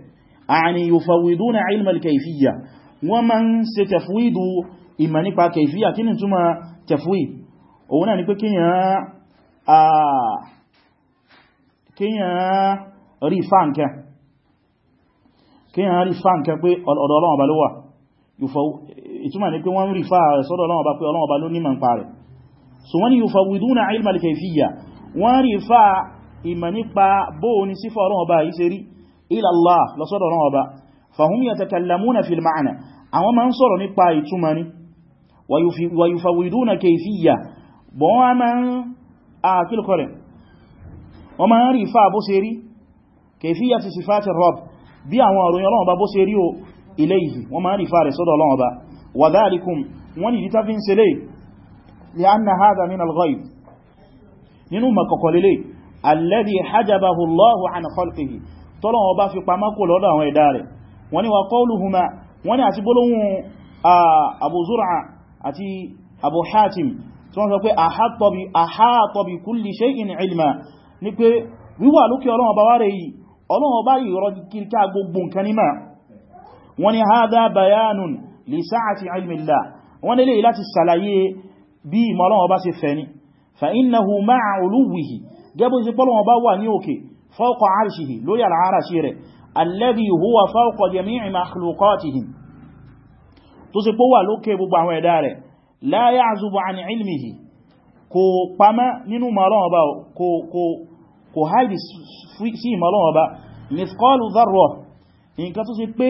Speaker 1: àni yufawwiduna ilma al-kayfiyya wọ́n ma ń ṣe tafwidu ìmà nípa kèfíyà kí ni túnmà tafwid òun náà ni pé kíyàn rí fáǹkẹ́ kíyàn pé ọ̀dọ̀ ọlọ́wọ̀ ìtumà ní pé wọ́n rí fà sọ́dọ̀ Ọlọ́run Ọba pé Ọlọ́run Ọba ló ní màá parẹ̀ so wọ́n ni yufawwiduna ilma al-kayfiyya wọ́n rí fà ìmà nípa bóò ní sífà Ọlọ́run Ọba yìí ṣe rí ila Allah lọ sọ́dọ̀ Ọlọ́run Ọba fahum yatakallamuna fil ma'na àwọn máa ń sọ̀rọ̀ nípa ìtumà ni wa yufawwiduna kayfiyya bọ́ wọ́n máa ń àkílkọrẹ̀ bí àwọn ọ̀rọ̀ Ọlọ́run Ọba bó ṣe rí o ilayhi wọ́n máa ń rí fà rẹ̀ sọ́dọ̀ Ọlọ́run Ọba وذلكم وني لتفين سلي لأن هذا من الغيب ننوما كقليلي الذي حجبه الله عن خلقه طلعوا با في قماكو لودا وان اداري وني وقولهما وني اسبولون ابو زرعه اتي ابو حاتم تون سو بي احاط بي احاط بكل شيء علما ni pé wíwà lókè ọlọ́run ọba wáre yìí ọlọ́run ọba yìí rọ kíríkà gbogbo nǹkan ní máa wọ́n ni hádá bayanun li sa'ati ilmillah wọ́n nílé láti sàlàyé bí ìmọ̀lọ́wọ́ bá ṣe fẹ́ ní fa innahu ma'a uluwihi gẹ́bù sí pọ́lọ̀wọ́ bá wà ní òkè fawqa arshihi lórí al'arashi rẹ̀ alladhi huwa fawqa jami'i makhluqatihi tó sì pọ́ wà lókè gbogbo àwọn ẹ̀dá rẹ̀ la ya'zubu nǹkan tó sì pé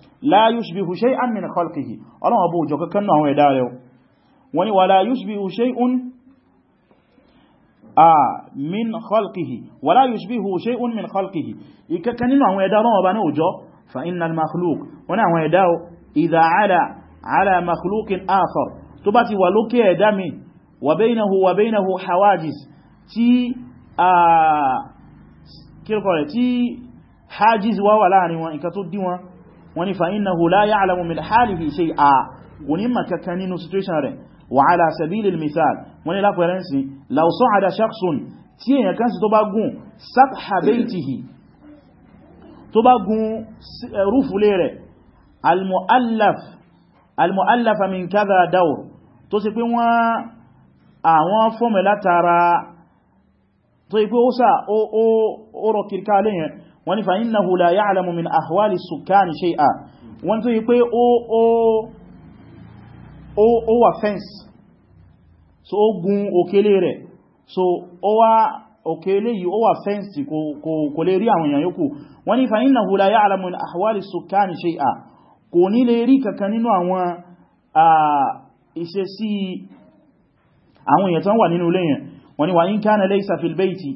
Speaker 1: la yushbihu shay'an min khalqihi ọlọ́wọ́ bó jọ kankan náà àwọn ẹ̀dá rẹ̀ wọ́n ni wà la yushbihu shay'un min khalqihi wà la yushbihu shay'un min khalqihi ìkẹ́kẹ́ nínú àwọn ẹ̀dá ọlọ́wọ́ bá ní òjọ́ fa inna al-makhluq wa wa baynahu wọn nǹkan tó wọ́n ní fa'innahu la ya'lamu min halihi shay'a kò ní mọ̀ kankan nínú situation rẹ̀ wa ala sabilil misal wọ́n ní lápẹrẹnsì law sa'ada shakhsun tí èyàn kan sì tó bá gùn saqha baytihi tó bá gùn eh, rúfulé rẹ̀ al min kadha dawr tó sì pé wọ́n àwọn fọ́mẹ̀ látara tó ipé ó sà ó rọ̀ kìrkà lẹ́yìn wọ́n ní fa'innahu la ya'lamu min ahwali sukani shay'a wọ́n tó yí pé ó wà fẹ́nsì so ó gun òkèlé rẹ̀ so ó wá òkèlé yìí ó wà fẹ́nsì kò lè rí àwọn èèyàn yòókù wọ́n ní fa'innahu la ya'lamu min ahwali sukani shay'a kò ní lè rí kankan nínú àwọn ìṣesí àwọn èèyàn tán wà nínú lẹ́yìn wọ́n ní wa in kana laysa fil bayti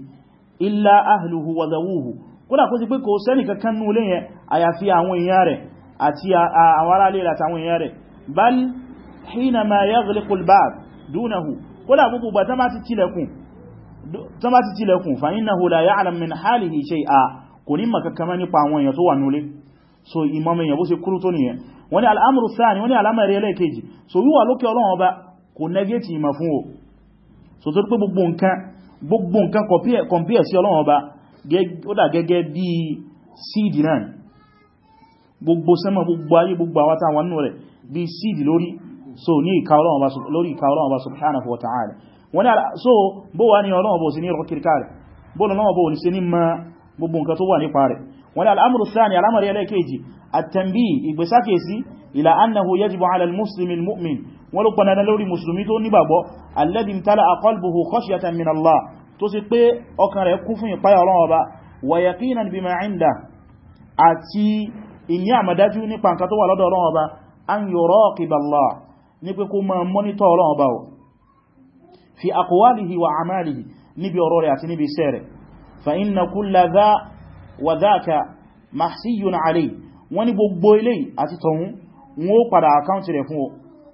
Speaker 1: illa ahluhu wa dhawuhu kódà kó sí pé kò sẹ́nì kankan nú ilé yẹn àyàfi àwọn èèyàn rẹ̀ àti àwọn ará lè àtàwọn èèyàn rẹ̀ bal hina ma yaghliqu al-bab dunahu kódà gbogbo gbà tán bá ti tilẹ̀kùn fa innahu la ya'lam min halihi shay'a kò ní makakama nípa àwọn èèyàn tó wà núlé so imam èèyàn bó ṣe kúrú tó nìyẹn wọ́n ní al'amuru thani wọ́n ní alamari ẹlẹ́ẹ̀kejì so wíwà sí ọlọ́run ọba ó dà gẹ́gẹ́ bí síìdì náà ni gbogbo sẹ́mọ̀ gbogbo ayé gbogbo àwátá wọn nù rẹ̀ bí síìdì lórí so ní ìka Ọlọ́run bá subhanahu wa ta'ala wọ́n so bó wá ní Ọlọ́run bó sí rọ̀kìrìkà rẹ̀ bó tó sì pé ọkàn rẹ̀ kún fún ìpáyà Ọlọ́run Ọba wa yaqinan bima inda àti ìní àmàdájú nípa nǹkan tó wà lọ́dọ̀ Ọlọ́run Ọba an yuraqiba Allah ní pé kó máa mọ́nítọ̀ Ọlọ́run Ọba o fi aqwalihi wa a'malihi níbi ọ̀rọ̀ rẹ̀ àti níbi iṣẹ́ rẹ̀ fa inna kulla dha padà àkáǹtì rẹ̀ fún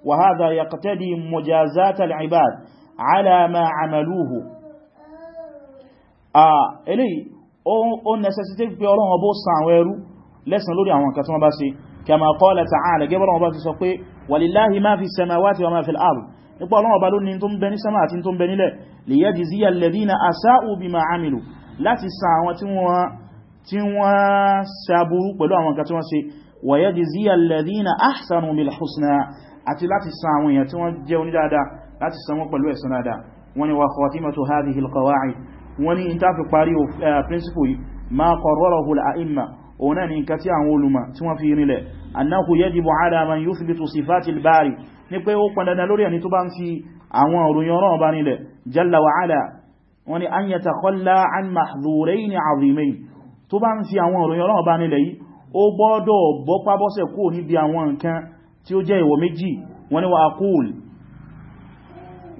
Speaker 1: wa hadha yaqtadi mujazata al-ibad ala eléyìí ó necessitate pé Ọlọ́run bó san àwọn ẹrú lẹ́san lórí àwọn nǹkan tí wọ́n bá ṣe kama qala ta'ala gẹ́gẹ́ Ọlọ́run bá ti sọ pé walillahi ma fi samawati wa ma fil ard nípa Ọlọ́run bá ló ní tó ń bẹ ní sánmà àti tó ń bẹ nílẹ̀ liyajziya alladhina asa'u bima amilu láti san àwọn tí wọ́n tí wọ́n ṣàbúrú wọ́n ní ìta fi parí eh, principle yìí ma qarrarahu al-a'imma òun náà ni nǹkan tí àwọn olùmọ̀ tí wọ́n fi rinlẹ̀ annahu yajibu ala man yuthbitu sifatil bari ní pé ó pọn dandan lórí ẹni tó bá ń fi àwọn òròyìn ọ̀rọ̀ ọba rinlẹ̀ jalla wa ala wọ́n ní an yatakhalla an mahdhurayn azimayn tó bá ń fi àwọn òròyìn ọ̀rọ̀ ọba rinlẹ̀ yìí ó gbọ́dọ̀ bọ́pá bọ́sẹ̀ kúrò níbi àwọn nǹkan tí ó jẹ́ ìwọ̀ méjì wọ́n ní wa aqul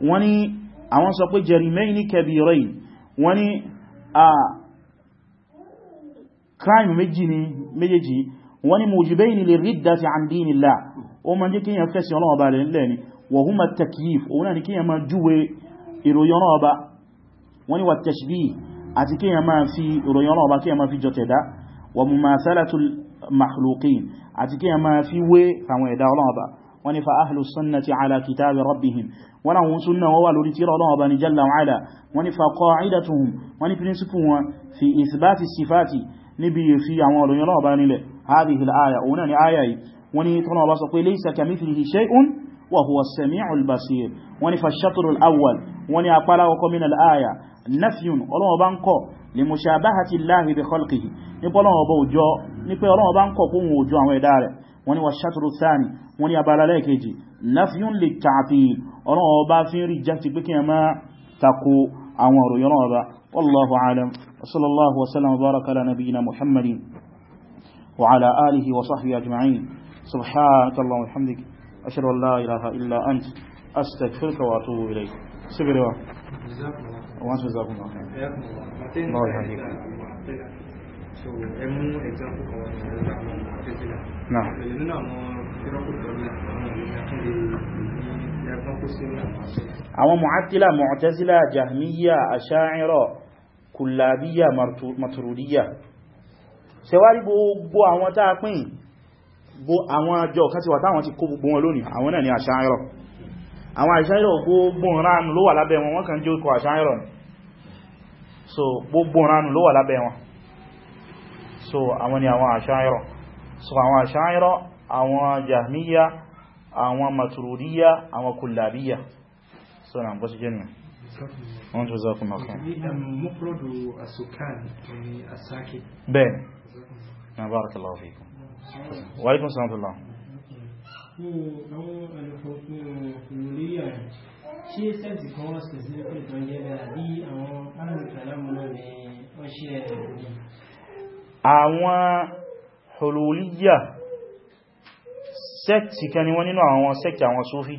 Speaker 1: wọ́n ní àwọn sọ pé jarimayni kabirayn wọ́n ní a crime méjì ni méjèèjì wọ́n ní mujibayni lirriddati an dinillah ó ma jẹ́ kí yẹn fẹ́sí ọlọ́wọ́ bá lẹ́lẹ́ ni wa huma takyif òun náà ni kí yẹn ma júwe ìròyìn ọlọ́wọ́ bá wọ́n ní wa tashbih àti kí yẹn ma fi ìròyìn ọlọ́wọ́ ma fi jọtẹ̀dá àti kí yẹn ma fi wé àwọn ẹ̀dá ọlọ́wọ́ bá wọ́n ni fa ahlu sunnati ala kitabi rabbihim wọ́n àwọn sunna wọ́n wà lórí tírà Ọlọ́run Ọba ni jalla wa ala wọ́n ni fa qa'idatuhum wọ́n ni píríncipù wọn fi ithbati sifati níbi fi àwọn ọ̀rọ̀yìn Ọlọ́run Ọba nílẹ̀ wọ́n ni wa huwa as wọ́n ní abala lẹ́ẹ̀kejì nafyun lè ta'til ọ̀rọ̀ ọba fi ń rí jẹ́kì pé kí ẹ máa tako àwọn ọ̀rọ̀ yọ́nà ọba wallahu alam sallallahu wasallam wa baraka ala nabiyyina muhammadin wa ala alihi wa sahbihi ajma'in subhanakallah wa hamdik ashhadu ilaha illa ant astaghfiruka wa atubu ilayk sibirewa wa jazakumullah khairan wa yahdika àwọn mu'attila mu'tazila jahmiya asha'ira kullabiya maturidiyya ṣe wá rí gbogbo àwọn tá a pín bó àwọn àjọ kan ti wà táwọn ti kó gbogbo wọn lónìí àwọn náà ni asha'ira àwọn asha'ira gbogbo ránù ló wà lábẹ́ wọn wọ́n kàn jẹ́ ikọ̀ asha'ira ni àwọn jahmiya àwọn maturidiya àwọn kullabiya sọ́nà bọ́ sí jẹ́nà wọ́n tó zákun makon bẹ́ẹ̀ na barakallahu fikum wa alaikum salamtullah um, um, ṣe sẹ́ẹ̀tì kan wọ́n sí ẹ̀kùn ìtàn jẹ́ bẹ̀rẹ̀ bí sẹ́ẹ̀tì kan ni wọ́n nínú àwọn sẹ́ẹ̀tì àwọn Sufi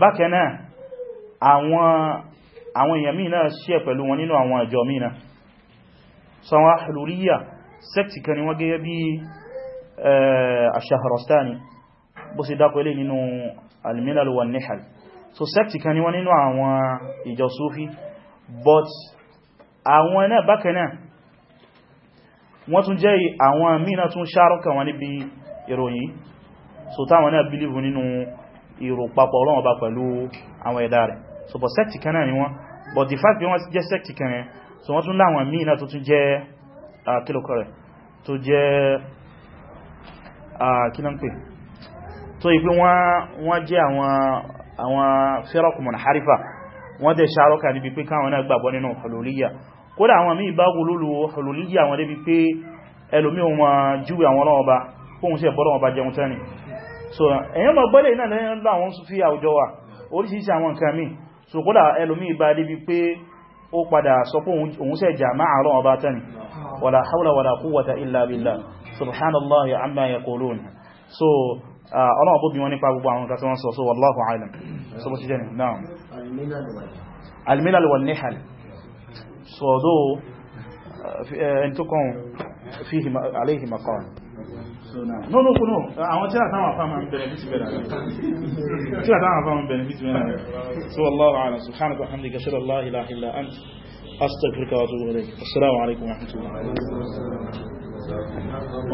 Speaker 1: bákan náà àwọn èèyàn míì náà ṣe pẹ̀lú wọn nínú àwọn àjọ míì náà so àwọn Huluriyya sẹ́ẹ̀tì ni wọ́n gẹ́gẹ́ bí eh, ash bó sì dákọ̀ ilé nínú al Nihal so sẹ́ẹ̀tì kan ni wọ́n but àwọn náà bákan náà wọ́n tún jẹ́ àwọn míì náà ìròyìn so táwọn náà bílífù nínú ìrò papọ̀ Ọlọ́run Ọba pẹ̀lú àwọn ẹ̀dá rẹ̀ so but sect kan náà ni wọ́n but the fact bí wọ́n jẹ́ sect kan yẹn so wọ́n tún láwọn míì náà tó tún jẹ́ ah, kílòkọ rẹ̀ tó jẹ́ ah, kílọ́npẹ̀ tó yí pé wọ́n jẹ́ àwọn fẹ́rọ̀kù munharifa wọ́n dẹ̀ ṣàrọ́kà níbi pé káwọn náà gbàgbọ́ nínú hululiyya kódà àwọn míì bá gúlúlù hululiyya àwọn débi pé ẹlòmí wọn júwe àwọn ọlọ́ọba fóhun sí ẹ̀bọ́lọ́ọba jẹun tẹ́ni so èyàn mọ̀ gbọ́lẹ̀ iná lẹ́yìn láwọn Sufi àwùjọ wa oríṣìíṣẹ́ àwọn nǹkan mí so kódà ẹlòmí ìbá débi pé ó padà sọ pé òun ṣe jama'a àárọ̀ ọba tani wala hawla wala quwwata illa billah subhanallahi amma yaqulun so ọlọ́wọ́ bó bí wọ́n nípa gbogbo àwọn kásán sọ so wallahu alam so bó ṣe jẹ́ na'am almilal wal so do ẹni tó kàn fíhì alayhi no no no uh, àwọn tí àtàwọn àfáàmà ń benefit bẹ̀rẹ̀ tí àtàwọn àfáàmà ń benefit bẹ̀rẹ̀ so wallahu ala subhanahu wa hamdika shalla la ilaha illa ant astaghfiruka wa atubu ilayk assalamu alaikum wa